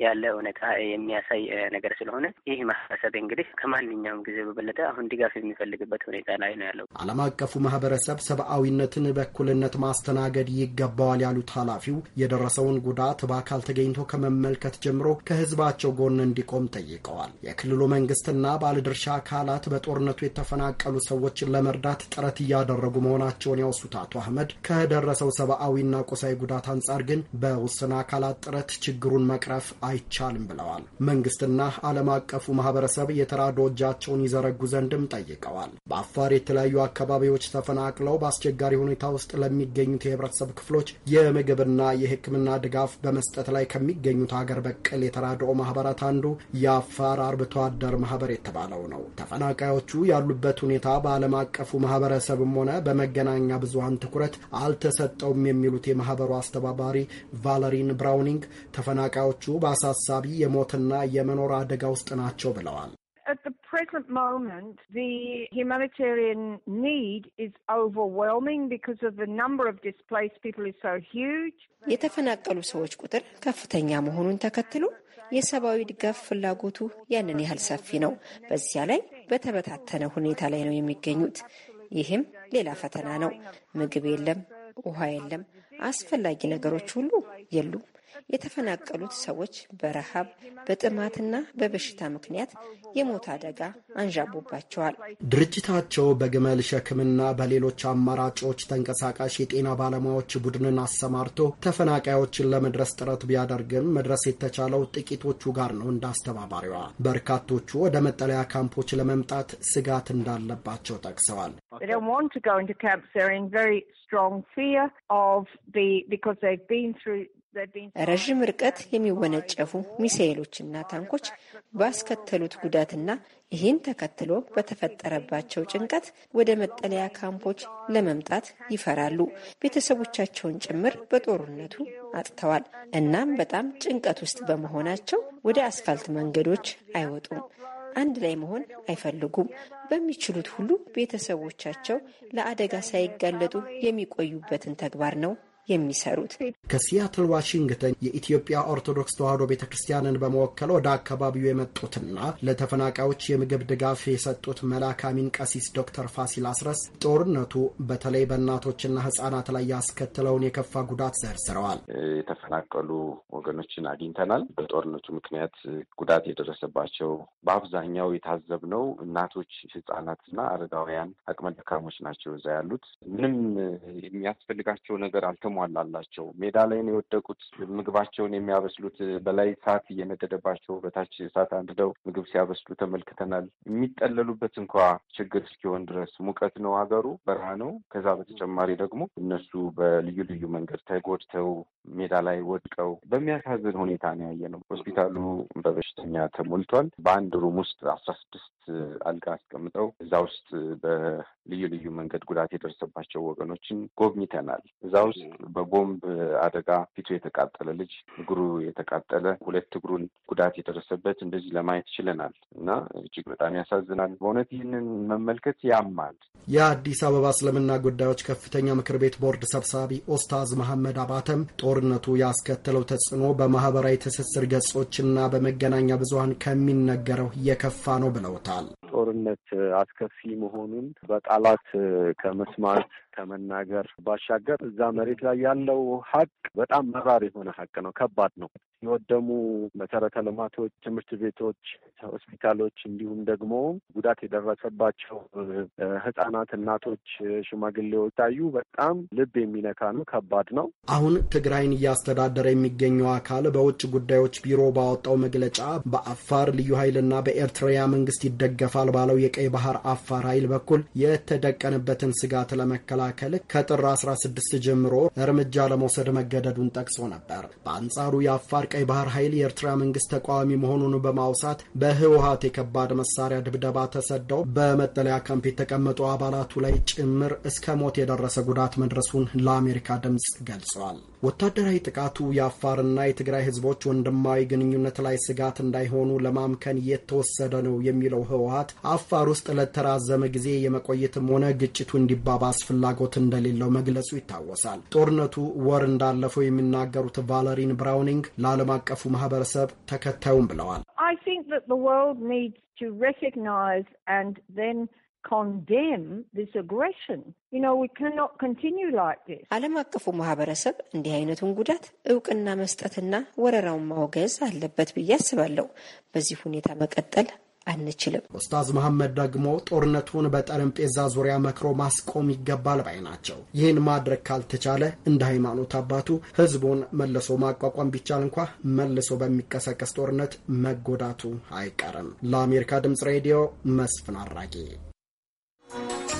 ያለ እውነታ የሚያሳይ ነገር ስለሆነ ይህ ማህበረሰብ እንግዲህ ከማንኛውም ጊዜ በበለጠ አሁን ድጋፍ የሚፈልግበት ሁኔታ ላይ ነው ያለው። ዓለም አቀፉ ማህበረሰብ ሰብአዊነትን በእኩልነት ማስተናገድ ይገባዋል ያሉት ኃላፊው የደረሰውን ጉዳት በአካል ተገኝቶ ከመመልከት ጀምሮ ከህዝባቸው ጎን እንዲቆም ጠይቀዋል። የክልሉ መንግስትና ባለድርሻ አካላት በጦርነቱ የተፈናቀሉ ሰዎችን ለመርዳት ጥረት እያደረጉ መሆናቸውን ያወሱት አቶ አህመድ ከደረሰው ሰብአዊና ቁሳዊ ጉዳት አንጻር ግን በውስን አካላት ጥረት ችግሩን መቅረፍ አይቻልም ብለዋል። መንግስትና ዓለም አቀፉ ማህበረሰብ የተራድኦ እጃቸውን ይዘረጉ ዘንድም ጠይቀዋል። በአፋር የተለያዩ አካባቢዎች ተፈናቅለው በአስቸጋሪ ሁኔታ ውስጥ ለሚገኙት የህብረተሰብ ክፍሎች የምግብና የህክምና ድጋፍ በመስጠት ላይ ከሚገኙት ሀገር በቀል የተራድኦ ማህበራት አንዱ የአፋር አርብቶ አደር ማህበር የተባለው ነው። ተፈናቃዮቹ ያሉበት ሁኔታ በዓለም አቀፉ ማህበረሰብም ሆነ በመገናኛ ብዙሀን ትኩረት አልተሰጠውም የሚሉት የማህበሩ አስተባባሪ ቫለሪን ብራውኒንግ ተፈናቃዮቹ በአሳሳቢ የሞትና የመኖር አደጋ ውስጥ ናቸው ብለዋል። present moment, the humanitarian need is overwhelming because of the number of displaced people is so huge. የተፈናቀሉ ሰዎች ቁጥር ከፍተኛ መሆኑን ተከትሎ የሰብአዊ ድጋፍ ፍላጎቱ ያንን ያህል ሰፊ ነው። በዚያ ላይ በተበታተነ ሁኔታ ላይ ነው የሚገኙት። ይህም ሌላ ፈተና ነው። ምግብ የለም፣ ውሃ የለም፣ አስፈላጊ ነገሮች ሁሉ የሉም። የተፈናቀሉት ሰዎች በረሃብ በጥማትና በበሽታ ምክንያት የሞት አደጋ አንዣቦባቸዋል። ድርጅታቸው በግመል ሸክምና በሌሎች አማራጮች ተንቀሳቃሽ የጤና ባለሙያዎች ቡድንን አሰማርቶ ተፈናቃዮችን ለመድረስ ጥረት ቢያደርግም መድረስ የተቻለው ጥቂቶቹ ጋር ነው። አስተባባሪዋ። በርካቶቹ ወደ መጠለያ ካምፖች ለመምጣት ስጋት እንዳለባቸው ጠቅሰዋል። ረዥም ርቀት የሚወነጨፉ ሚሳኤሎችና ታንኮች ባስከተሉት ጉዳትና ይህን ተከትሎ በተፈጠረባቸው ጭንቀት ወደ መጠለያ ካምፖች ለመምጣት ይፈራሉ። ቤተሰቦቻቸውን ጭምር በጦርነቱ አጥተዋል። እናም በጣም ጭንቀት ውስጥ በመሆናቸው ወደ አስፋልት መንገዶች አይወጡም። አንድ ላይ መሆን አይፈልጉም። በሚችሉት ሁሉ ቤተሰቦቻቸው ለአደጋ ሳይጋለጡ የሚቆዩበትን ተግባር ነው የሚሰሩት። ከሲያትል ዋሽንግተን የኢትዮጵያ ኦርቶዶክስ ተዋሕዶ ቤተ ክርስቲያንን በመወከል ወደ አካባቢው የመጡትና ለተፈናቃዮች የምግብ ድጋፍ የሰጡት መላካሚን ቀሲስ ዶክተር ፋሲል አስረስ ጦርነቱ በተለይ በእናቶችና ህጻናት ላይ ያስከትለውን የከፋ ጉዳት ዘርዝረዋል። የተፈናቀሉ ወገኖችን አግኝተናል። በጦርነቱ ምክንያት ጉዳት የደረሰባቸው በአብዛኛው የታዘብነው እናቶች፣ ሕጻናትና አረጋውያን አቅመ ደካሞች ናቸው። እዛ ያሉት ምንም የሚያስፈልጋቸው ነገር አልተሞ የተሟላላቸው ሜዳ ላይ ነው የወደቁት። ምግባቸውን የሚያበስሉት በላይ እሳት እየነደደባቸው በታች እሳት አንድደው ምግብ ሲያበስሉ ተመልክተናል። የሚጠለሉበት እንኳ ችግር እስኪሆን ድረስ ሙቀት ነው፣ ሀገሩ በረሃ ነው። ከዛ በተጨማሪ ደግሞ እነሱ በልዩ ልዩ መንገድ ተጎድተው ሜዳ ላይ ወድቀው በሚያሳዝን ሁኔታ ነው ያየ ነው። ሆስፒታሉ በበሽተኛ ተሞልቷል። በአንድ ሩም ውስጥ አስራ ስድስት አልጋ አስቀምጠው እዛ ውስጥ በልዩ ልዩ መንገድ ጉዳት የደረሰባቸው ወገኖችን ጎብኝተናል። እዛ ውስጥ በቦምብ አደጋ ፊቱ የተቃጠለ ልጅ፣ እግሩ የተቃጠለ፣ ሁለት እግሩን ጉዳት የደረሰበት እንደዚህ ለማየት ችለናል እና እጅግ በጣም ያሳዝናል። በእውነት ይህንን መመልከት ያማል። የአዲስ አበባ እስልምና ጉዳዮች ከፍተኛ ምክር ቤት ቦርድ ሰብሳቢ ኦስታዝ መሐመድ አባተም ጦርነቱ ያስከተለው ተጽዕኖ በማህበራዊ ትስስር ገጾችና በመገናኛ ብዙሀን ከሚነገረው የከፋ ነው ብለውታል። ጦርነት አስከፊ መሆኑን በቃላት ከመስማት ከመናገር ባሻገር እዛ መሬት ላይ ያለው ሀቅ በጣም መራር የሆነ ሀቅ ነው። ከባድ ነው። የወደሙ መሰረተ ልማቶች፣ ትምህርት ቤቶች፣ ሆስፒታሎች እንዲሁም ደግሞ ጉዳት የደረሰባቸው ህጻናት፣ እናቶች፣ ሽማግሌዎች ታዩ። በጣም ልብ የሚነካ ነው። ከባድ ነው። አሁን ትግራይን እያስተዳደረ የሚገኘው አካል በውጭ ጉዳዮች ቢሮ ባወጣው መግለጫ በአፋር ልዩ ኃይልና በኤርትራያ መንግስት ይደገፋል ባለው የቀይ ባህር አፋር ኃይል በኩል የተደቀነበትን ስጋት ለመከላከል ለመከላከል ከጥር 16 ጀምሮ እርምጃ ለመውሰድ መገደዱን ጠቅሶ ነበር። በአንጻሩ የአፋር ቀይ ባህር ኃይል የኤርትራ መንግስት ተቃዋሚ መሆኑን በማውሳት በህወሀት የከባድ መሳሪያ ድብደባ ተሰደው በመጠለያ ካምፕ የተቀመጡ አባላቱ ላይ ጭምር እስከ ሞት የደረሰ ጉዳት መድረሱን ለአሜሪካ ድምፅ ገልጿል። ወታደራዊ ጥቃቱ የአፋርና የትግራይ ህዝቦች ወንድማዊ ግንኙነት ላይ ስጋት እንዳይሆኑ ለማምከን እየተወሰደ ነው የሚለው ህወሀት አፋር ውስጥ ለተራዘመ ጊዜ የመቆየትም ሆነ ግጭቱ እንዲባባስ ፍላጎት እንደሌለው መግለጹ ይታወሳል። ጦርነቱ ወር እንዳለፈው የሚናገሩት ቫለሪን ብራውኒንግ ለዓለም አቀፉ ማህበረሰብ ተከታዩም ብለዋል። ዓለም አቀፉ ማህበረሰብ እንዲህ አይነቱን ጉዳት እውቅና መስጠትና ወረራውን ማውገዝ አለበት ብዬ አስባለሁ። በዚህ ሁኔታ መቀጠል አንችልም። ኡስታዝ መሐመድ ደግሞ ጦርነቱን በጠረጴዛ ዙሪያ መክሮ ማስቆም ይገባል ባይ ናቸው። ይህን ማድረግ ካልተቻለ እንደ ሃይማኖት አባቱ ህዝቡን መልሶ ማቋቋም ቢቻል እንኳ መልሶ በሚቀሰቀስ ጦርነት መጎዳቱ አይቀርም። ለአሜሪካ ድምጽ ሬዲዮ መስፍን አራጌ Thank you.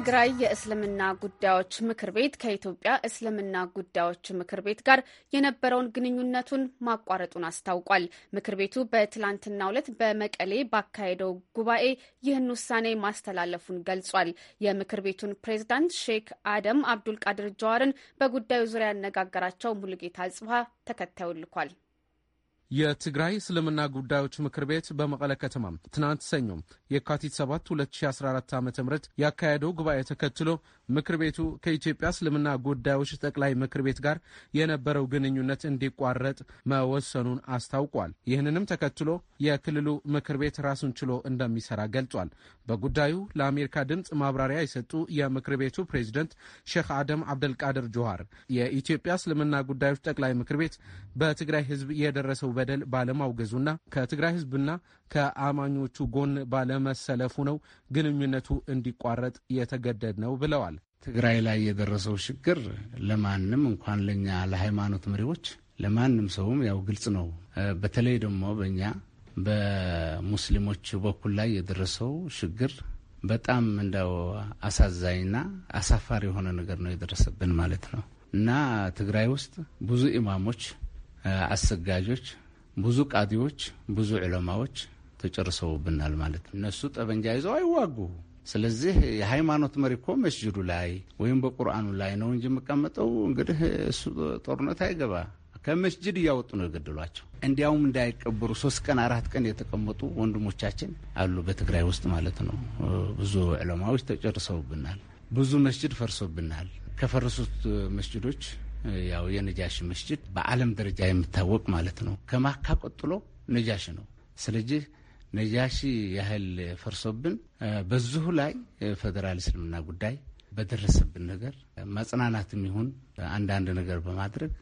የትግራይ የእስልምና ጉዳዮች ምክር ቤት ከኢትዮጵያ እስልምና ጉዳዮች ምክር ቤት ጋር የነበረውን ግንኙነቱን ማቋረጡን አስታውቋል። ምክር ቤቱ በትላንትናው ዕለት በመቀሌ ባካሄደው ጉባኤ ይህን ውሳኔ ማስተላለፉን ገልጿል። የምክር ቤቱን ፕሬዝዳንት ሼክ አደም አብዱልቃድር ጀዋርን በጉዳዩ ዙሪያ ያነጋገራቸው ሙሉጌታ ጽፋ ተከታዩ ልኳል። የትግራይ እስልምና ጉዳዮች ምክር ቤት በመቀለ ከተማ ትናንት ሰኞ የካቲት 7 2014 ዓ ም ያካሄደው ጉባኤ ተከትሎ ምክር ቤቱ ከኢትዮጵያ እስልምና ጉዳዮች ጠቅላይ ምክር ቤት ጋር የነበረው ግንኙነት እንዲቋረጥ መወሰኑን አስታውቋል። ይህንንም ተከትሎ የክልሉ ምክር ቤት ራሱን ችሎ እንደሚሰራ ገልጿል። በጉዳዩ ለአሜሪካ ድምፅ ማብራሪያ የሰጡ የምክር ቤቱ ፕሬዚደንት ሼክ አደም አብደልቃድር ጆሃር የኢትዮጵያ እስልምና ጉዳዮች ጠቅላይ ምክር ቤት በትግራይ ሕዝብ የደረሰው በደል ባለማውገዙና ከትግራይ ሕዝብና ከአማኞቹ ጎን ባለመሰለፉ ነው ግንኙነቱ እንዲቋረጥ የተገደድ ነው ብለዋል። ትግራይ ላይ የደረሰው ችግር ለማንም እንኳን ለእኛ ለሃይማኖት መሪዎች ለማንም ሰውም ያው ግልጽ ነው። በተለይ ደግሞ በእኛ በሙስሊሞች በኩል ላይ የደረሰው ችግር በጣም እንደው አሳዛኝና አሳፋሪ የሆነ ነገር ነው የደረሰብን ማለት ነው እና ትግራይ ውስጥ ብዙ ኢማሞች፣ አሰጋጆች፣ ብዙ ቃዲዎች፣ ብዙ ዕለማዎች ተጨርሰውብናል ማለት ነው። እነሱ ጠበንጃ ይዘው አይዋጉ ስለዚህ የሃይማኖት መሪ እኮ መስጅዱ ላይ ወይም በቁርአኑ ላይ ነው እንጂ የምቀመጠው። እንግዲህ እሱ ጦርነት አይገባ ከመስጅድ እያወጡ ነው የገደሏቸው። እንዲያውም እንዳይቀበሩ ሶስት ቀን አራት ቀን የተቀመጡ ወንድሞቻችን አሉ፣ በትግራይ ውስጥ ማለት ነው። ብዙ ዕለማዎች ተጨርሰውብናል። ብዙ መስጅድ ፈርሶብናል። ከፈረሱት መስጅዶች ያው የነጃሽ መስጅድ በዓለም ደረጃ የሚታወቅ ማለት ነው። ከማካ ቀጥሎ ነጃሽ ነው። ስለዚህ ነጃሺ ያህል ፈርሶብን በዚሁ ላይ ፌዴራል እስልምና ጉዳይ በደረሰብን ነገር መጽናናትም ይሁን አንዳንድ ነገር በማድረግ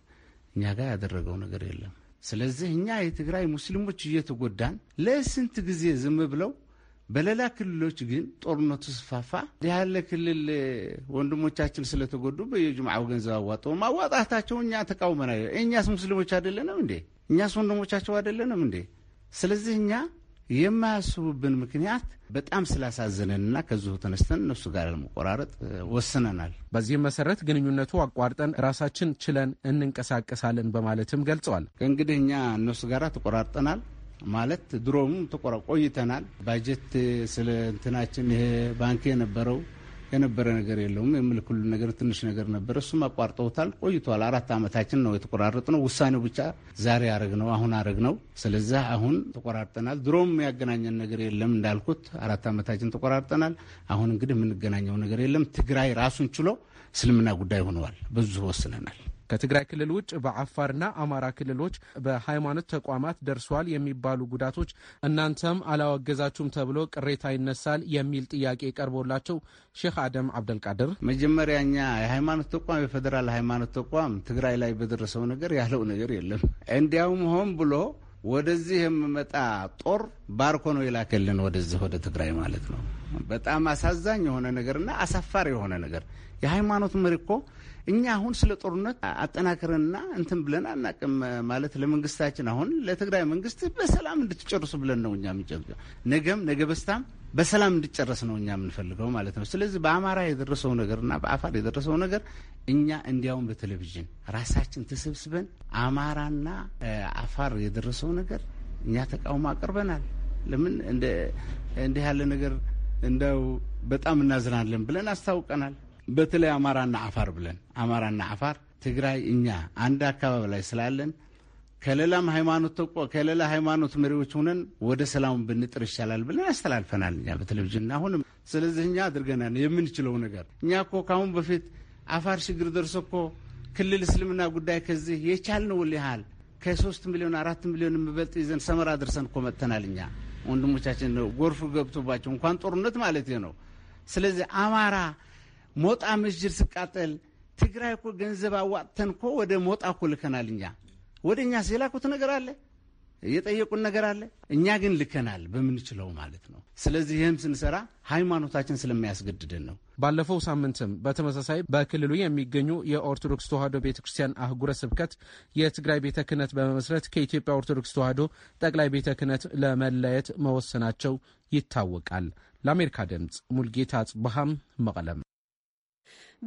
እኛ ጋር ያደረገው ነገር የለም። ስለዚህ እኛ የትግራይ ሙስሊሞች እየተጎዳን ለስንት ጊዜ ዝም ብለው በሌላ ክልሎች ግን ጦርነቱ ስፋፋ ያለ ክልል ወንድሞቻችን ስለተጎዱ በየጅምዓው ገንዘብ አዋጠው ማዋጣታቸው እኛ ተቃውመና እኛስ ሙስሊሞች አይደለንም እንዴ? እኛስ ወንድሞቻቸው አይደለንም እንዴ? ስለዚህ እኛ የማያስቡብን ምክንያት በጣም ስላሳዘነንና ከዚሁ ተነስተን እነሱ ጋር ለመቆራረጥ ወስነናል። በዚህም መሰረት ግንኙነቱ አቋርጠን ራሳችን ችለን እንንቀሳቀሳለን በማለትም ገልጸዋል። እንግዲህ እኛ እነሱ ጋር ተቆራርጠናል ማለት ድሮም ቆይተናል። ባጀት ስለ እንትናችን ይሄ ባንክ የነበረው የነበረ ነገር የለውም። የምልክሉ ነገር ትንሽ ነገር ነበረ። እሱም አቋርጠውታል፣ ቆይቷል። አራት ዓመታችን ነው የተቆራረጥ ነው። ውሳኔው ብቻ ዛሬ አረግ ነው፣ አሁን አረግ ነው። ስለዚህ አሁን ተቆራርጠናል። ድሮም ያገናኘን ነገር የለም እንዳልኩት፣ አራት ዓመታችን ተቆራርጠናል። አሁን እንግዲህ የምንገናኘው ነገር የለም። ትግራይ ራሱን ችሎ እስልምና ጉዳይ ሆነዋል። ብዙ ወስነናል። ከትግራይ ክልል ውጭ በአፋርና አማራ ክልሎች በሃይማኖት ተቋማት ደርሷል የሚባሉ ጉዳቶች እናንተም አላወገዛችሁም ተብሎ ቅሬታ ይነሳል የሚል ጥያቄ ቀርቦላቸው ሼክ አደም አብደልቃድር መጀመሪያ እኛ የሃይማኖት ተቋም የፌዴራል ሃይማኖት ተቋም ትግራይ ላይ በደረሰው ነገር ያለው ነገር የለም። እንዲያውም ሆን ብሎ ወደዚህ የምመጣ ጦር ባርኮ ነው የላከልን ወደዚህ ወደ ትግራይ ማለት ነው። በጣም አሳዛኝ የሆነ ነገርና አሳፋሪ የሆነ ነገር የሃይማኖት መሪ እኮ እኛ አሁን ስለ ጦርነት አጠናክረንና እንትን ብለን አናቅም። ማለት ለመንግስታችን አሁን ለትግራይ መንግስት በሰላም እንድትጨርሱ ብለን ነው እኛ የምንጨርሰው። ነገም ነገ በስታም በሰላም እንዲጨረስ ነው እኛ የምንፈልገው ማለት ነው። ስለዚህ በአማራ የደረሰው ነገርና በአፋር የደረሰው ነገር እኛ እንዲያውም በቴሌቪዥን ራሳችን ተሰብስበን አማራና አፋር የደረሰው ነገር እኛ ተቃውሞ አቅርበናል። ለምን እንዲህ ያለ ነገር እንደው በጣም እናዝናለን ብለን አስታውቀናል። በተለይ አማራና አፋር ብለን አማራና አፋር ትግራይ እኛ አንድ አካባቢ ላይ ስላለን ከሌላም ሃይማኖት ተቆ ከሌላ ሃይማኖት መሪዎች ሆነን ወደ ሰላም ብንጥር ይሻላል ብለን ያስተላልፈናል እኛ በቴሌቪዥን አሁንም። ስለዚህ እኛ አድርገናል የምንችለው ነገር። እኛ እኮ ካሁን በፊት አፋር ችግር ደርሶ እኮ ክልል እስልምና ጉዳይ ከዚህ የቻልነውን ያህል ከሶስት ሚሊዮን አራት ሚሊዮን የሚበልጥ ይዘን ሰመራ ደርሰን እኮ መጥተናል። እኛ ወንድሞቻችን ጎርፍ ገብቶባቸው እንኳን ጦርነት ማለት ነው። ስለዚህ አማራ ሞጣ መስጅድ ስቃጠል ትግራይ እኮ ገንዘብ አዋጥተን እኮ ወደ ሞጣ እኮ ልከናል። እኛ ወደ እኛ ሲላኩት ነገር አለ፣ እየጠየቁን ነገር አለ። እኛ ግን ልከናል በምንችለው ማለት ነው። ስለዚህ ይህም ስንሰራ ሃይማኖታችን ስለሚያስገድድን ነው። ባለፈው ሳምንትም በተመሳሳይ በክልሉ የሚገኙ የኦርቶዶክስ ተዋሕዶ ቤተ ክርስቲያን አህጉረ ስብከት የትግራይ ቤተ ክህነት በመመስረት ከኢትዮጵያ ኦርቶዶክስ ተዋሕዶ ጠቅላይ ቤተ ክህነት ለመለየት መወሰናቸው ይታወቃል። ለአሜሪካ ድምፅ ሙልጌታ አጽብሃም መቀለም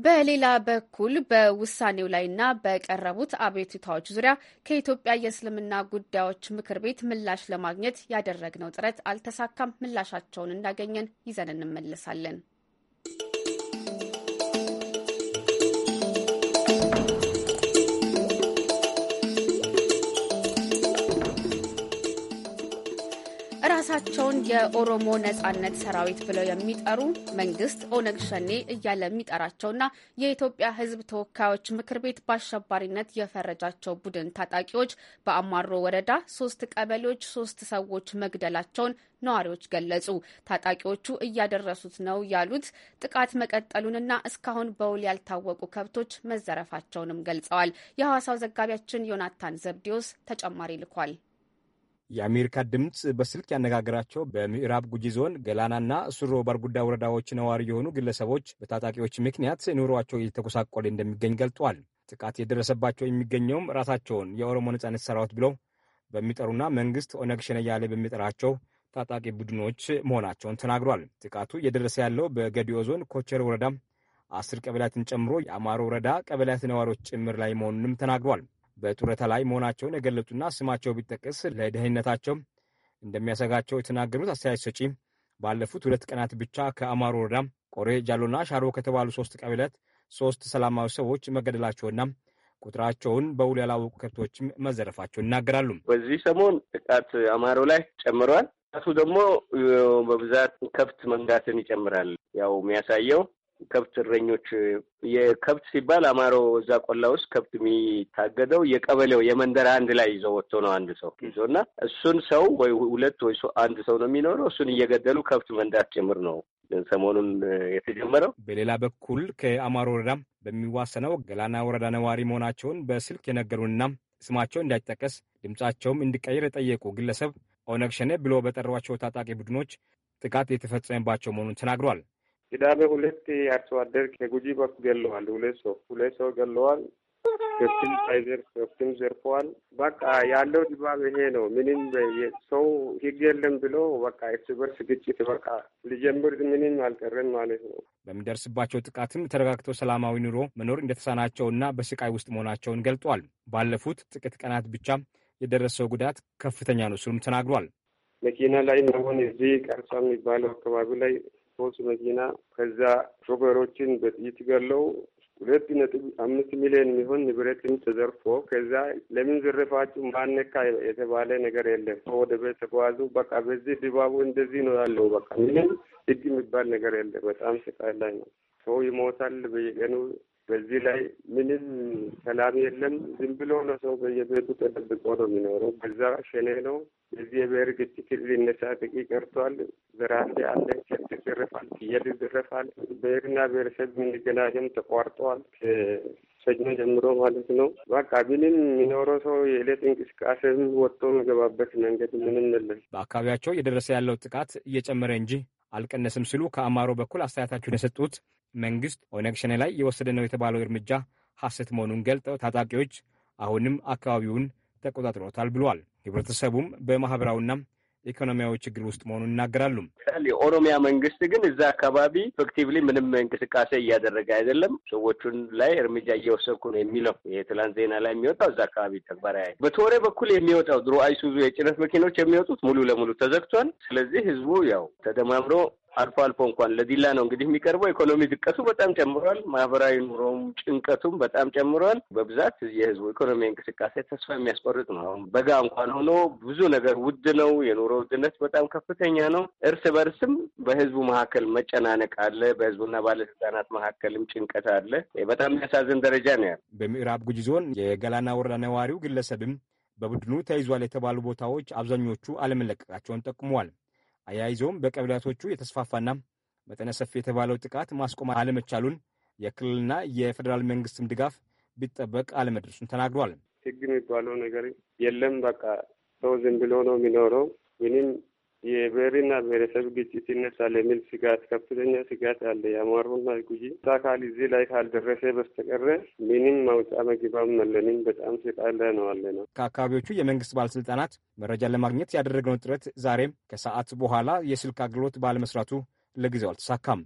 በሌላ በኩል በውሳኔው ላይና በቀረቡት አቤቱታዎች ዙሪያ ከኢትዮጵያ የእስልምና ጉዳዮች ምክር ቤት ምላሽ ለማግኘት ያደረግነው ጥረት አልተሳካም። ምላሻቸውን እንዳገኘን ይዘን እንመለሳለን። ራሳቸውን የኦሮሞ ነጻነት ሰራዊት ብለው የሚጠሩ መንግስት ኦነግ ሸኔ እያለ የሚጠራቸውና የኢትዮጵያ ሕዝብ ተወካዮች ምክር ቤት በአሸባሪነት የፈረጃቸው ቡድን ታጣቂዎች በአማሮ ወረዳ ሶስት ቀበሌዎች ሶስት ሰዎች መግደላቸውን ነዋሪዎች ገለጹ። ታጣቂዎቹ እያደረሱት ነው ያሉት ጥቃት መቀጠሉንና እስካሁን በውል ያልታወቁ ከብቶች መዘረፋቸውንም ገልጸዋል። የሐዋሳው ዘጋቢያችን ዮናታን ዘብዴዎስ ተጨማሪ ልኳል። የአሜሪካ ድምፅ በስልክ ያነጋገራቸው በምዕራብ ጉጂ ዞን ገላናና ሱሮ ባርጉዳ ወረዳዎች ነዋሪ የሆኑ ግለሰቦች በታጣቂዎች ምክንያት ኑሯቸው እየተጎሳቆለ እንደሚገኝ ገልጧል። ጥቃት የደረሰባቸው የሚገኘውም ራሳቸውን የኦሮሞ ነጻነት ሰራዊት ብለው በሚጠሩና መንግስት ኦነግ ሸኔ እያለ በሚጠራቸው ታጣቂ ቡድኖች መሆናቸውን ተናግሯል። ጥቃቱ እየደረሰ ያለው በገዲዮ ዞን ኮቸር ወረዳ አስር ቀበሌያትን ጨምሮ የአማሮ ወረዳ ቀበሌያት ነዋሪዎች ጭምር ላይ መሆኑንም ተናግሯል። በጡረታ ላይ መሆናቸውን የገለጹና ስማቸው ቢጠቀስ ለደህንነታቸው እንደሚያሰጋቸው የተናገሩት አስተያየት ሰጪ ባለፉት ሁለት ቀናት ብቻ ከአማሮ ወረዳ ቆሬ ጃሎና ሻሮ ከተባሉ ሶስት ቀበሌያት ሶስት ሰላማዊ ሰዎች መገደላቸውና ቁጥራቸውን በውል ያላወቁ ከብቶችም መዘረፋቸው ይናገራሉ። በዚህ ሰሞን ጥቃት አማሮ ላይ ጨምሯል። ጥቃቱ ደግሞ በብዛት ከብት መንጋትን ይጨምራል። ያው የሚያሳየው ከብት እረኞች የከብት ሲባል አማሮ እዛ ቆላ ውስጥ ከብት የሚታገደው የቀበሌው የመንደር አንድ ላይ ይዘው ወጥቶ ነው። አንድ ሰው ይዞ እና እሱን ሰው ወይ ሁለት ወይ አንድ ሰው ነው የሚኖረው። እሱን እየገደሉ ከብት መንዳት ጭምር ነው ሰሞኑን የተጀመረው። በሌላ በኩል ከአማሮ ወረዳ በሚዋሰነው ገላና ወረዳ ነዋሪ መሆናቸውን በስልክ የነገሩንና ስማቸው እንዳይጠቀስ ድምጻቸውም እንዲቀይር የጠየቁ ግለሰብ ኦነግ ሸኔ ብሎ በጠሯቸው ታጣቂ ቡድኖች ጥቃት የተፈጸመባቸው መሆኑን ተናግሯል። ቅዳሜ ሁለት አርሶ አደር ከጉጂ በኩል ገለዋል። ሁለት ሰው ሁለት ሰው ገለዋል። ከብትም ሳይዘር ከብትም ዘርፈዋል። በቃ ያለው ድባብ ይሄ ነው። ምንም ሰው ህግ የለም ብሎ በቃ እርስ በርስ ግጭት በቃ ሊጀምር ምንም አልቀረን ማለት ነው። በሚደርስባቸው ጥቃትም ተረጋግተው ሰላማዊ ኑሮ መኖር እንደተሳናቸውና በስቃይ ውስጥ መሆናቸውን ገልጧል። ባለፉት ጥቂት ቀናት ብቻ የደረሰው ጉዳት ከፍተኛ ነው ሲሉም ተናግሯል። መኪና ላይ መሆን እዚህ ቀርሳ የሚባለው አካባቢ ላይ ሶስት መኪና ከዛ ሾፌሮችን በጥይት ገለው ሁለት ነጥብ አምስት ሚሊዮን የሚሆን ንብረትም ተዘርፎ ከዛ ለምን ዘረፋችሁ ማነካ የተባለ ነገር የለም። ወደ ቤት ተጓዙ። በቃ በዚህ ድባቡ እንደዚህ ነው ያለው። በቃ ምንም ህግ የሚባል ነገር የለም። በጣም ስቃይ ላይ ነው። ሰው ይሞታል በየቀኑ በዚህ ላይ ምንም ሰላም የለም። ዝም ብሎ ነው ሰው በየቤቱ ተጠብቆ ነው የሚኖረው። በዛ ሸኔ ነው። የዚህ የብሔር ግጭት ሊነሳ ጥቂት ቀርቷል። በራሴ አለ፣ ከብት ይዘረፋል፣ ፍየል ይዘረፋል። ብሔርና ብሔረሰብ የሚገናኘም ተቋርጠዋል። ሰኞ ጀምሮ ማለት ነው። በቃ ምንም የሚኖረው ሰው የዕለት እንቅስቃሴም ወጥቶ የሚገባበት መንገድ ምንም የለም። በአካባቢያቸው እየደረሰ ያለው ጥቃት እየጨመረ እንጂ አልቀነስም ሲሉ ከአማሮ በኩል አስተያየታቸውን የሰጡት መንግስት ኦነግ ሸኔ ላይ የወሰደ ነው የተባለው እርምጃ ሐሰት መሆኑን ገልጠው ታጣቂዎች አሁንም አካባቢውን ተቆጣጥሮታል ብሏል። ህብረተሰቡም በማኅበራዊና ኢኮኖሚያዊ ችግር ውስጥ መሆኑን ይናገራሉ። የኦሮሚያ መንግስት ግን እዛ አካባቢ ኢፌክቲቭሊ ምንም እንቅስቃሴ እያደረገ አይደለም፣ ሰዎቹን ላይ እርምጃ እየወሰድኩ ነው የሚለው የትላንት ዜና ላይ የሚወጣው እዛ አካባቢ ተግባራዊ በቶሬ በኩል የሚወጣው ድሮ አይሱዙ የጭነት መኪኖች የሚወጡት ሙሉ ለሙሉ ተዘግቷል። ስለዚህ ህዝቡ ያው ተደማምሮ አልፎ አልፎ እንኳን ለዲላ ነው እንግዲህ የሚቀርበው። ኢኮኖሚ ድቀቱ በጣም ጨምሯል። ማህበራዊ ኑሮም ጭንቀቱም በጣም ጨምሯል። በብዛት የህዝቡ ኢኮኖሚ እንቅስቃሴ ተስፋ የሚያስቆርጥ ነው። አሁን በጋ እንኳን ሆኖ ብዙ ነገር ውድ ነው። የኑሮ ውድነት በጣም ከፍተኛ ነው። እርስ በርስም በህዝቡ መካከል መጨናነቅ አለ። በህዝቡና ባለስልጣናት መካከልም ጭንቀት አለ። በጣም የሚያሳዝን ደረጃ ነው ያለ። በምዕራብ ጉጂ ዞን የገላና ወረዳ ነዋሪው ግለሰብም በቡድኑ ተይዟል የተባሉ ቦታዎች አብዛኞቹ አለመለቀቃቸውን ጠቁመዋል። አያይዘውም በቀበሌያቶቹ የተስፋፋና መጠነ ሰፊ የተባለው ጥቃት ማስቆም አለመቻሉን የክልልና የፌዴራል መንግስትም ድጋፍ ቢጠበቅ አለመድረሱን ተናግሯል። ህግ የሚባለው ነገር የለም። በቃ ሰው ዝም ብሎ ነው የሚኖረው። ምንም የብሔርና ብሔረሰብ ግጭት ይነሳል የሚል ስጋት፣ ከፍተኛ ስጋት አለ። የአማሮና ጉጂ አካል እዚህ ላይ ካልደረሰ በስተቀረ ምንም ማውጫ መግቢያም የለንም። በጣም ስቃለ ነው አለ ነው። ከአካባቢዎቹ የመንግስት ባለስልጣናት መረጃ ለማግኘት ያደረግነው ጥረት ዛሬም ከሰዓት በኋላ የስልክ አገልግሎት ባለመስራቱ ለጊዜው አልተሳካም።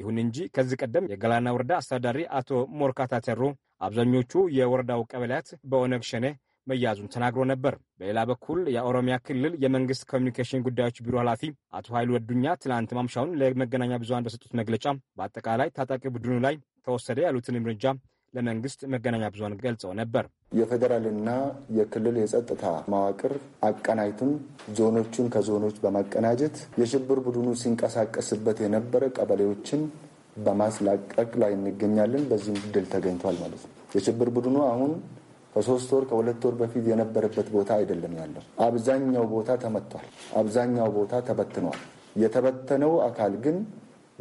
ይሁን እንጂ ከዚህ ቀደም የገላና ወረዳ አስተዳዳሪ አቶ ሞርካታ ተሩ አብዛኞቹ የወረዳው ቀበሌያት በኦነግ ሸኔ መያዙን ተናግሮ ነበር። በሌላ በኩል የኦሮሚያ ክልል የመንግስት ኮሚኒኬሽን ጉዳዮች ቢሮ ኃላፊ አቶ ኃይሉ ወዱኛ ትናንት ማምሻውን ለመገናኛ ብዙሃን በሰጡት መግለጫ በአጠቃላይ ታጣቂ ቡድኑ ላይ ተወሰደ ያሉትን እርምጃ ለመንግስት መገናኛ ብዙሃን ገልጸው ነበር። የፌዴራልና የክልል የጸጥታ መዋቅር አቀናይቱን ዞኖቹን ከዞኖች በማቀናጀት የሽብር ቡድኑ ሲንቀሳቀስበት የነበረ ቀበሌዎችን በማስላቀቅ ላይ እንገኛለን። በዚህም ድል ተገኝቷል ማለት ነው። የሽብር ቡድኑ አሁን ከሶስት ወር ከሁለት ወር በፊት የነበረበት ቦታ አይደለም ያለው። አብዛኛው ቦታ ተመቷል። አብዛኛው ቦታ ተበትኗል። የተበተነው አካል ግን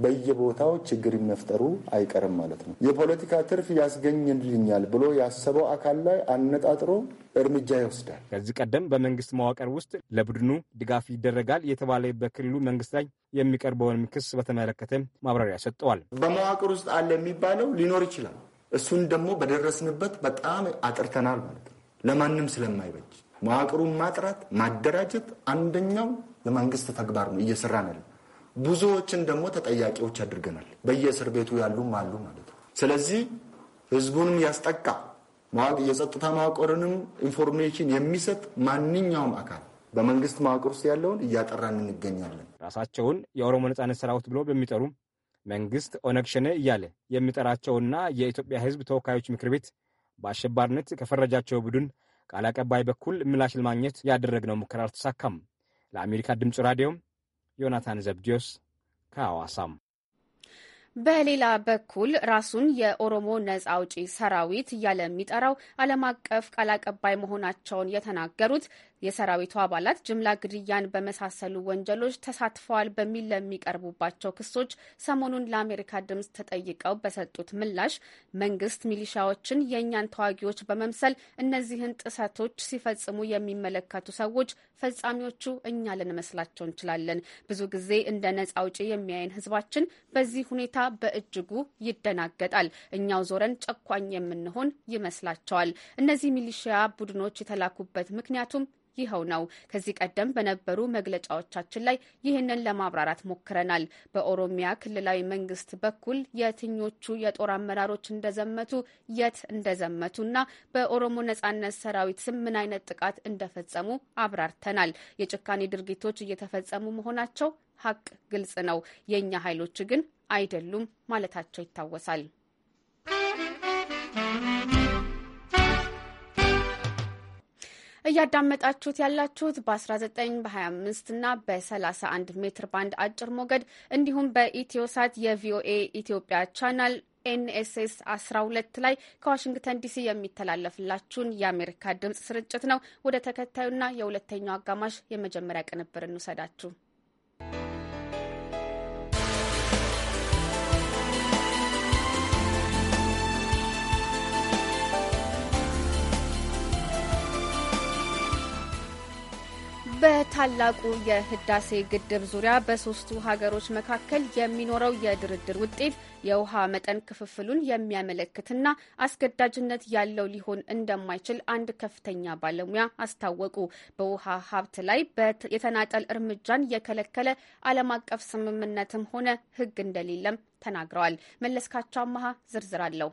በየቦታው ችግር መፍጠሩ አይቀርም ማለት ነው። የፖለቲካ ትርፍ ያስገኝልኛል ብሎ ያሰበው አካል ላይ አነጣጥሮ እርምጃ ይወስዳል። ከዚህ ቀደም በመንግስት መዋቅር ውስጥ ለቡድኑ ድጋፍ ይደረጋል የተባለ በክልሉ መንግስት ላይ የሚቀርበውን ክስ በተመለከተ ማብራሪያ ሰጠዋል። በመዋቅር ውስጥ አለ የሚባለው ሊኖር ይችላል እሱን ደግሞ በደረስንበት በጣም አጥርተናል ማለት ነው። ለማንም ስለማይበጅ መዋቅሩን ማጥራት ማደራጀት አንደኛው የመንግስት ተግባር ነው። እየሰራ ነው። ብዙዎችን ደግሞ ተጠያቂዎች አድርገናል። በየእስር ቤቱ ያሉም አሉ ማለት ነው። ስለዚህ ህዝቡንም ያስጠቃ የጸጥታ መዋቅርንም ኢንፎርሜሽን የሚሰጥ ማንኛውም አካል በመንግስት መዋቅር ውስጥ ያለውን እያጠራን እንገኛለን። ራሳቸውን የኦሮሞ ነጻነት ሰራዊት ብሎ በሚጠሩ መንግስት ኦነግ ሸኔ እያለ የሚጠራቸውና የኢትዮጵያ ሕዝብ ተወካዮች ምክር ቤት በአሸባሪነት ከፈረጃቸው ቡድን ቃል አቀባይ በኩል ምላሽ ለማግኘት ያደረግነው ሙከራ አልተሳካም። ለአሜሪካ ድምፅ ራዲዮም ዮናታን ዘብዲዮስ ከሐዋሳም። በሌላ በኩል ራሱን የኦሮሞ ነጻ አውጪ ሰራዊት እያለ የሚጠራው ዓለም አቀፍ ቃል አቀባይ መሆናቸውን የተናገሩት የሰራዊቱ አባላት ጅምላ ግድያን በመሳሰሉ ወንጀሎች ተሳትፈዋል በሚል ለሚቀርቡባቸው ክሶች ሰሞኑን ለአሜሪካ ድምፅ ተጠይቀው በሰጡት ምላሽ መንግስት ሚሊሻዎችን የእኛን ተዋጊዎች በመምሰል እነዚህን ጥሰቶች ሲፈጽሙ የሚመለከቱ ሰዎች ፈጻሚዎቹ እኛ ልንመስላቸው እንችላለን። ብዙ ጊዜ እንደ ነጻ አውጪ የሚያይን ህዝባችን በዚህ ሁኔታ በእጅጉ ይደናገጣል። እኛው ዞረን ጨኳኝ የምንሆን ይመስላቸዋል። እነዚህ ሚሊሺያ ቡድኖች የተላኩበት ምክንያቱም ይኸው ነው። ከዚህ ቀደም በነበሩ መግለጫዎቻችን ላይ ይህንን ለማብራራት ሞክረናል። በኦሮሚያ ክልላዊ መንግስት በኩል የትኞቹ የጦር አመራሮች እንደዘመቱ፣ የት እንደዘመቱ እና በኦሮሞ ነጻነት ሰራዊት ስም ምን አይነት ጥቃት እንደፈጸሙ አብራርተናል። የጭካኔ ድርጊቶች እየተፈጸሙ መሆናቸው ሀቅ ግልጽ ነው። የእኛ ኃይሎች ግን አይደሉም ማለታቸው ይታወሳል። እያዳመጣችሁት ያላችሁት በ19 በ25 እና በ31 ሜትር ባንድ አጭር ሞገድ እንዲሁም በኢትዮሳት የቪኦኤ ኢትዮጵያ ቻናል ኤንኤስኤስ 12 ላይ ከዋሽንግተን ዲሲ የሚተላለፍላችሁን የአሜሪካ ድምፅ ስርጭት ነው። ወደ ተከታዩና የሁለተኛው አጋማሽ የመጀመሪያ ቅንብር እንውሰዳችሁ። በታላቁ የህዳሴ ግድብ ዙሪያ በሶስቱ ሀገሮች መካከል የሚኖረው የድርድር ውጤት የውሃ መጠን ክፍፍሉን የሚያመለክትና አስገዳጅነት ያለው ሊሆን እንደማይችል አንድ ከፍተኛ ባለሙያ አስታወቁ። በውሃ ሀብት ላይ የተናጠል እርምጃን የከለከለ ዓለም አቀፍ ስምምነትም ሆነ ህግ እንደሌለም ተናግረዋል። መለስካቸው አመሃ ዝርዝር አለው።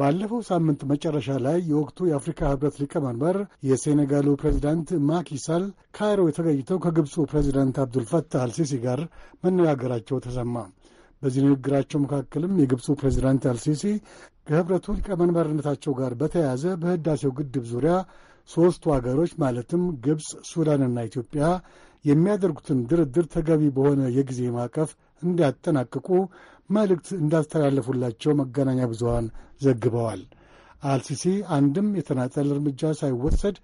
ባለፈው ሳምንት መጨረሻ ላይ የወቅቱ የአፍሪካ ህብረት ሊቀመንበር የሴኔጋሉ ፕሬዚዳንት ማኪሳል ካይሮ ተገኝተው ከግብፁ ፕሬዚዳንት አብዱልፈታህ አልሲሲ ጋር መነጋገራቸው ተሰማ። በዚህ ንግግራቸው መካከልም የግብፁ ፕሬዚዳንት አልሲሲ ከህብረቱ ሊቀመንበርነታቸው ጋር በተያያዘ በህዳሴው ግድብ ዙሪያ ሦስቱ አገሮች ማለትም ግብፅ፣ ሱዳንና ኢትዮጵያ የሚያደርጉትን ድርድር ተገቢ በሆነ የጊዜ ማዕቀፍ እንዲያጠናቅቁ መልእክት እንዳስተላለፉላቸው መገናኛ ብዙሃን ዘግበዋል። አልሲሲ አንድም የተናጠል እርምጃ ሳይወሰድ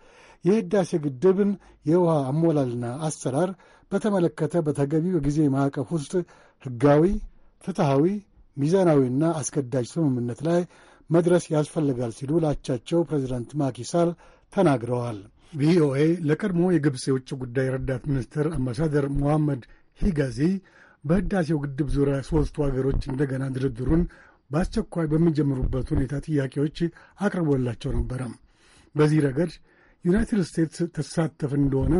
የህዳሴ ግድብን የውሃ አሞላልና አሰራር በተመለከተ በተገቢው የጊዜ ማዕቀፍ ውስጥ ህጋዊ፣ ፍትሐዊ፣ ሚዛናዊና አስገዳጅ ስምምነት ላይ መድረስ ያስፈልጋል ሲሉ ላቻቸው ፕሬዚዳንት ማኪሳል ተናግረዋል። ቪኦኤ ለቀድሞ የግብፅ የውጭ ጉዳይ ረዳት ሚኒስትር አምባሳደር ሙሐመድ ሂጋዚ በህዳሴው ግድብ ዙሪያ ሦስቱ አገሮች እንደገና ድርድሩን በአስቸኳይ በሚጀምሩበት ሁኔታ ጥያቄዎች አቅርቦላቸው ነበረ። በዚህ ረገድ ዩናይትድ ስቴትስ ትሳተፍ እንደሆነ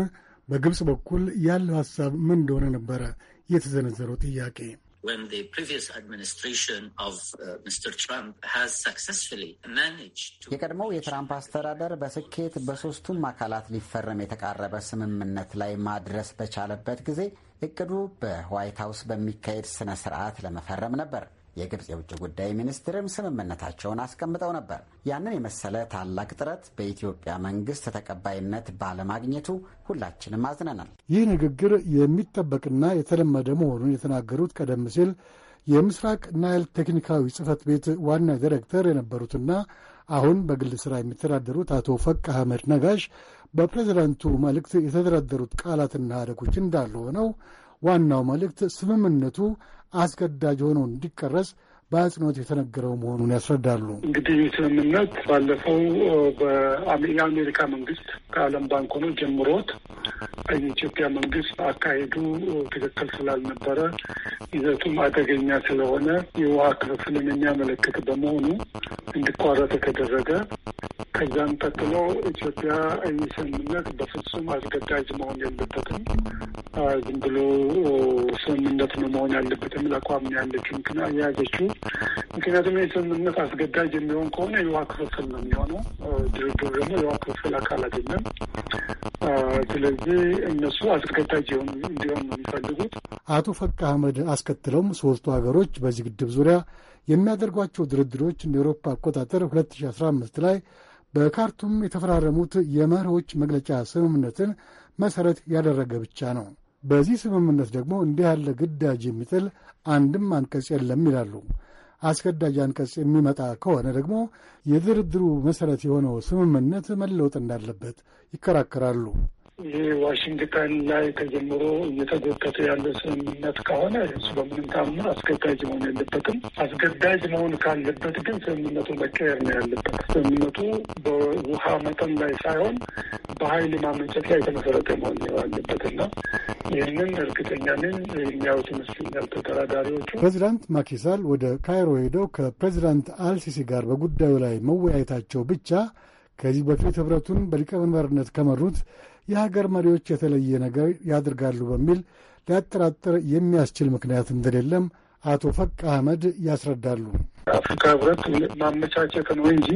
በግብፅ በኩል ያለው ሐሳብ ምን እንደሆነ ነበረ የተዘነዘረው ጥያቄ። when the previous administration of uh, Mr. Trump has successfully managed to... የቀድሞው የትራምፕ አስተዳደር በስኬት በሶስቱም አካላት ሊፈረም የተቃረበ ስምምነት ላይ ማድረስ በቻለበት ጊዜ እቅዱ በዋይት ሀውስ በሚካሄድ ስነ ስርዓት ለመፈረም ነበር። የግብፅ የውጭ ጉዳይ ሚኒስትርም ስምምነታቸውን አስቀምጠው ነበር። ያንን የመሰለ ታላቅ ጥረት በኢትዮጵያ መንግስት ተቀባይነት ባለማግኘቱ ሁላችንም አዝነናል። ይህ ንግግር የሚጠበቅና የተለመደ መሆኑን የተናገሩት ቀደም ሲል የምስራቅ ናይል ቴክኒካዊ ጽህፈት ቤት ዋና ዲሬክተር የነበሩትና አሁን በግል ሥራ የሚተዳደሩት አቶ ፈቅ አህመድ ነጋሽ በፕሬዝዳንቱ መልእክት የተደረደሩት ቃላትና አደጎች እንዳሉ ሆነው ዋናው መልእክት ስምምነቱ አስገዳጅ ሆኖ እንዲቀረጽ በአጽንኦት የተነገረው መሆኑን ያስረዳሉ። እንግዲህ ስምምነት ባለፈው የአሜሪካ መንግስት ከዓለም ባንክ ሆኖ ጀምሮት የኢትዮጵያ መንግስት አካሄዱ ትክክል ስላልነበረ ይዘቱም አደገኛ ስለሆነ የውሃ ክፍፍልን የሚያመለክት በመሆኑ እንዲቋረጥ ተደረገ። ከዛም ቀጥሎ ኢትዮጵያ ይህ ስምምነት በፍጹም አስገዳጅ መሆን የለበትም፣ ዝም ብሎ ስምምነት ነው መሆን ያለበት የሚል አቋም ያለችው ምክንያት የያዘችው ምክንያቱም የስምምነት አስገዳጅ የሚሆን ከሆነ የውሃ ክፍፍል ነው የሚሆነው። ድርድሩ ደግሞ የውሃ ክፍፍል አካል አይደለም። ስለዚህ እነሱ አስገዳጅ እንዲሆን ነው የሚፈልጉት። አቶ ፈቃ አህመድ አስከትለውም ሶስቱ ሀገሮች በዚህ ግድብ ዙሪያ የሚያደርጓቸው ድርድሮች እንደ ኤሮፓ አቆጣጠር 2015 ላይ በካርቱም የተፈራረሙት የመሪዎች መግለጫ ስምምነትን መሰረት ያደረገ ብቻ ነው። በዚህ ስምምነት ደግሞ እንዲህ ያለ ግዳጅ የሚጥል አንድም አንቀጽ የለም ይላሉ አስገዳጅ አንቀጽ የሚመጣ ከሆነ ደግሞ የድርድሩ መሠረት የሆነው ስምምነት መለወጥ እንዳለበት ይከራከራሉ። ይህ ዋሽንግተን ላይ ተጀምሮ እየተጎተተ ያለ ስምምነት ከሆነ እሱ በምንም ታምር አስገዳጅ መሆን ያለበትም። አስገዳጅ መሆን ካለበት ግን ስምምነቱ መቀየር ነው ያለበት። ስምምነቱ በውሃ መጠን ላይ ሳይሆን በኃይል ማመንጨት ላይ የተመሰረተ መሆን ያለበት እና ይህንን እርግጠኛ ነኝ የሚያዩት ይመስለኛል ተደራዳሪዎቹ። ፕሬዚዳንት ማኪሳል ወደ ካይሮ ሄደው ከፕሬዚዳንት አልሲሲ ጋር በጉዳዩ ላይ መወያየታቸው ብቻ ከዚህ በፊት ህብረቱን በሊቀመንበርነት ከመሩት የሀገር መሪዎች የተለየ ነገር ያደርጋሉ በሚል ሊያጠራጥር የሚያስችል ምክንያት እንደሌለም አቶ ፈቅ አህመድ ያስረዳሉ። አፍሪካ ህብረት ማመቻቸት ነው እንጂ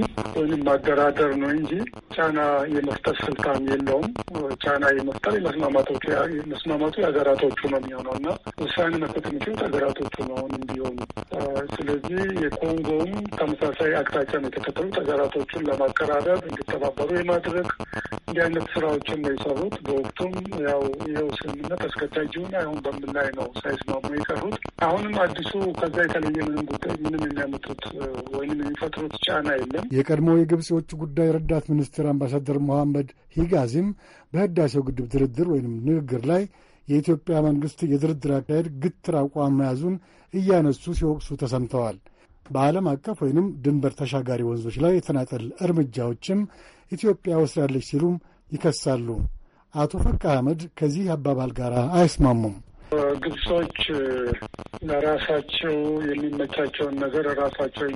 ወይም ማደራደር ነው እንጂ ጫና የመፍጠር ስልጣን የለውም። ጫና የመፍጠር የመስማማቶቹ መስማማቱ የሀገራቶቹ ነው የሚሆነው እና ውሳኔ መስጠት የሚችሉት ሀገራቶቹ ነው እንዲሆኑ። ስለዚህ የኮንጎም ተመሳሳይ አቅጣጫ ነው የተከተሉት። ሀገራቶቹን ለማቀራረብ እንዲተባበሩ የማድረግ እንዲህ አይነት ስራዎችን ነው የሰሩት። በወቅቱም ያው ይኸው ስምምነት አስገዳጅ ሆነ አይሆን በምን ላይ ነው ሳይስማሙ የቀሩት። አሁንም አዲሱ ከዛ የተለየ ምንም ጉዳይ ምንም የሚያመ ወይም የሚፈጥሩት ጫና የለም። የቀድሞ የግብፅ የውጭ ጉዳይ ረዳት ሚኒስትር አምባሳደር ሞሐመድ ሂጋዚም በህዳሴው ግድብ ድርድር ወይም ንግግር ላይ የኢትዮጵያ መንግስት የድርድር አካሄድ ግትር አቋም መያዙን እያነሱ ሲወቅሱ ተሰምተዋል። በዓለም አቀፍ ወይንም ድንበር ተሻጋሪ ወንዞች ላይ የተናጠል እርምጃዎችም ኢትዮጵያ ወስዳለች ሲሉም ይከሳሉ። አቶ ፈቃ አህመድ ከዚህ አባባል ጋር አይስማሙም። ግብጾች ለራሳቸው የሚመቻቸውን ነገር ራሳቸው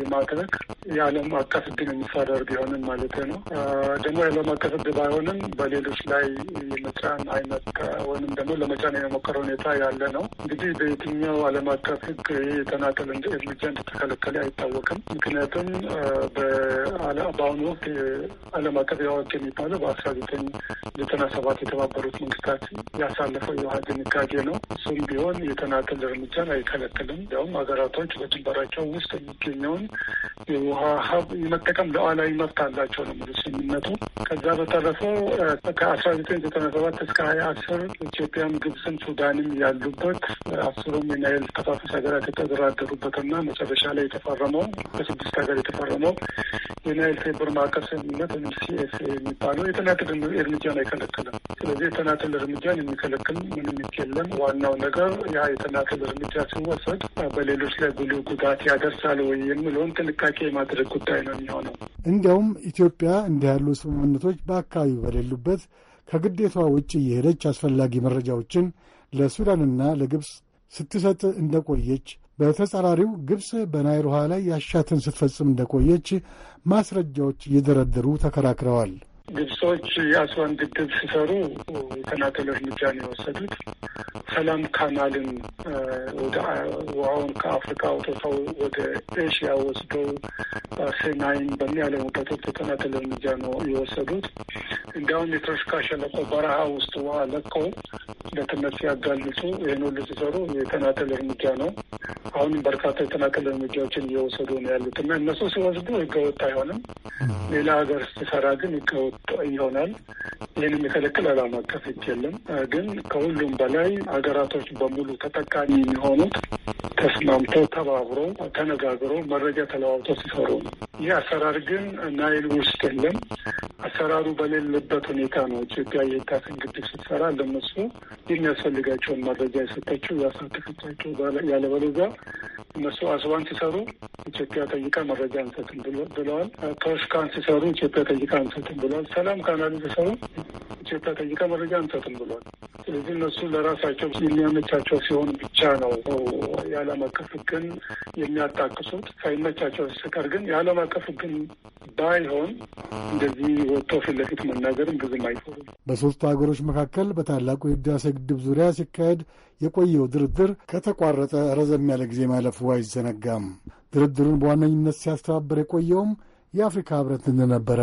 የማድረግ የዓለም አቀፍ ሕግን የሚጻረር ቢሆንም ማለት ነው። ደግሞ የዓለም አቀፍ ሕግ ባይሆንም በሌሎች ላይ የመጫን አይነት ወይም ደግሞ ለመጫን የሞከረ ሁኔታ ያለ ነው። እንግዲህ በየትኛው ዓለም አቀፍ ሕግ ይህ የተናጠል እርምጃ እንደተከለከለ አይታወቅም። ምክንያቱም በአሁኑ ወቅት ዓለም አቀፍ ያወቅ የሚባለው በአስራ ዘጠኝ ዘጠና ሰባት የተባበሩት መንግስታት ያሳለፈው የውሃ ድንጋጌ ነው። እሱም ቢሆን የተናጠል እርምጃን አይከለክልም። ያውም ሀገራቶች በድንበራቸው ውስጥ የሚገኘውን የውሃ ሀብ የመጠቀም ሉዓላዊ መብት አላቸው ነው የሚሉት ስምምነቱ። ከዛ በተረፈ ከአስራ ዘጠኝ ዘጠና ሰባት እስከ ሀያ አስር ኢትዮጵያም ግብፅም ሱዳንም ያሉበት አስሩም የናይል ተፋሰስ ሀገራት የተደራደሩበትና መጨረሻ ላይ የተፈረመው በስድስት ሀገር የተፈረመው የናይል ቴብር ማዕቀፍ ስምምነት ወይም የሚባለው የተናጥል እርምጃን አይከለክልም። ስለዚህ የተናጥል እርምጃን የሚከለክል ምንም የለም። ዋናው ነገር ያ የተናጥል እርምጃ ሲወሰድ በሌሎች ላይ ጉልህ ጉዳት ያደርሳል ወይ የሚለውን ጥንቃቄ ጥንቃቄ የማድረግ ጉዳይ ነው የሚሆነው። እንዲያውም ኢትዮጵያ እንዲህ ያሉ ስምምነቶች በአካባቢው በሌሉበት ከግዴቷ ውጭ የሄደች አስፈላጊ መረጃዎችን ለሱዳንና ለግብፅ ስትሰጥ እንደቆየች በተጻራሪው ግብፅ በናይሮሃ ውሃ ላይ ያሻትን ስትፈጽም እንደቆየች ማስረጃዎች እየደረደሩ ተከራክረዋል። ግብጾች የአስዋን ግድብ ሲሰሩ የተናጠል እርምጃ ነው የወሰዱት። ሰላም ካናልን ወደ ውሃውን ከአፍሪካ አውጥተው ወደ ኤሽያ ወስደው ሴናይን በሚያለሙበት ወቅት የተናጠል እርምጃ ነው የወሰዱት። እንዲያውም የቶሽካ ሸለቆ በረሃ ውስጥ ውሃ ለቀው ለትነት ሲያጋልጡ ይህን ሁሉ ሲሰሩ የተናጠል እርምጃ ነው። አሁንም በርካታ የተናጠል እርምጃዎችን እየወሰዱ ነው ያሉት እና እነሱ ሲወስዱ ህገወጥ አይሆንም። ሌላ ሀገር ሲሰራ ግን ህገወጥ ይሆናል። ይህን የሚከለክል ዓለም አቀፍ ሕግ የለም። ግን ከሁሉም በላይ ሀገራቶች በሙሉ ተጠቃሚ የሚሆኑት ተስማምተው፣ ተባብሮ፣ ተነጋግሮ፣ መረጃ ተለዋውጠው ሲሰሩ ነው። ይህ አሰራር ግን ናይል ውስጥ የለም። አሰራሩ በሌለበት ሁኔታ ነው ኢትዮጵያ የህዳሴን ግድብ ስትሰራ ለነሱ የሚያስፈልጋቸውን መረጃ የሰጠችው ያሳተፈቻቸው። ያለበለዚያ እነሱ አስባን ሲሰሩ ኢትዮጵያ ጠይቃ መረጃ አንሰጥም ብለዋል። ቶሽካን ሲሰሩ ኢትዮጵያ ጠይቃ አንሰጥም ብለዋል። ሰላም ካናሉ ሲሰሩ ኢትዮጵያ ጠይቃ መረጃ አንሰጥም ብለዋል። ስለዚህ እነሱ ለራሳቸው የሚያመቻቸው ሲሆን ብቻ ነው የዓለም አቀፍ ሕግን የሚያጣቅሱት። ሳይመቻቸው ሲቀር ግን የዓለም አቀፍ ሕግን ባይሆን እንደዚህ ወጥቶ ፊት ለፊት መናገርም ብዙም አይፈሩም። በሶስቱ ሀገሮች መካከል በታላቁ የህዳሴ ግድብ ዙሪያ ሲካሄድ የቆየው ድርድር ከተቋረጠ ረዘም ያለ ጊዜ ማለፉ አይዘነጋም። ድርድሩን በዋነኝነት ሲያስተባበር የቆየውም የአፍሪካ ህብረት እንደነበረ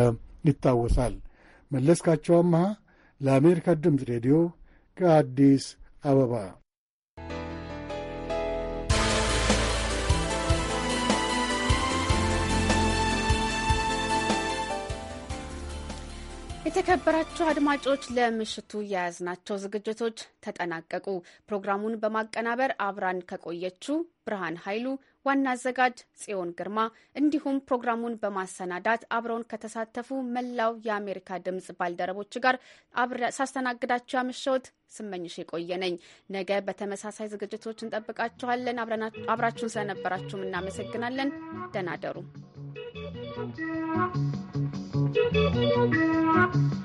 ይታወሳል። መለስካቸው አመሃ ለአሜሪካ ድምፅ ሬዲዮ ከአዲስ አበባ የተከበራችሁ አድማጮች ለምሽቱ የያዝናቸው ዝግጅቶች ተጠናቀቁ። ፕሮግራሙን በማቀናበር አብራን ከቆየችው ብርሃን ኃይሉ፣ ዋና አዘጋጅ ጽዮን ግርማ እንዲሁም ፕሮግራሙን በማሰናዳት አብረውን ከተሳተፉ መላው የአሜሪካ ድምጽ ባልደረቦች ጋር ሳስተናግዳችሁ ያመሸሁት ስመኝሽ የቆየ ነኝ። ነገ በተመሳሳይ ዝግጅቶች እንጠብቃችኋለን። አብራችሁን ስለነበራችሁም እናመሰግናለን። Thank you. Thank you.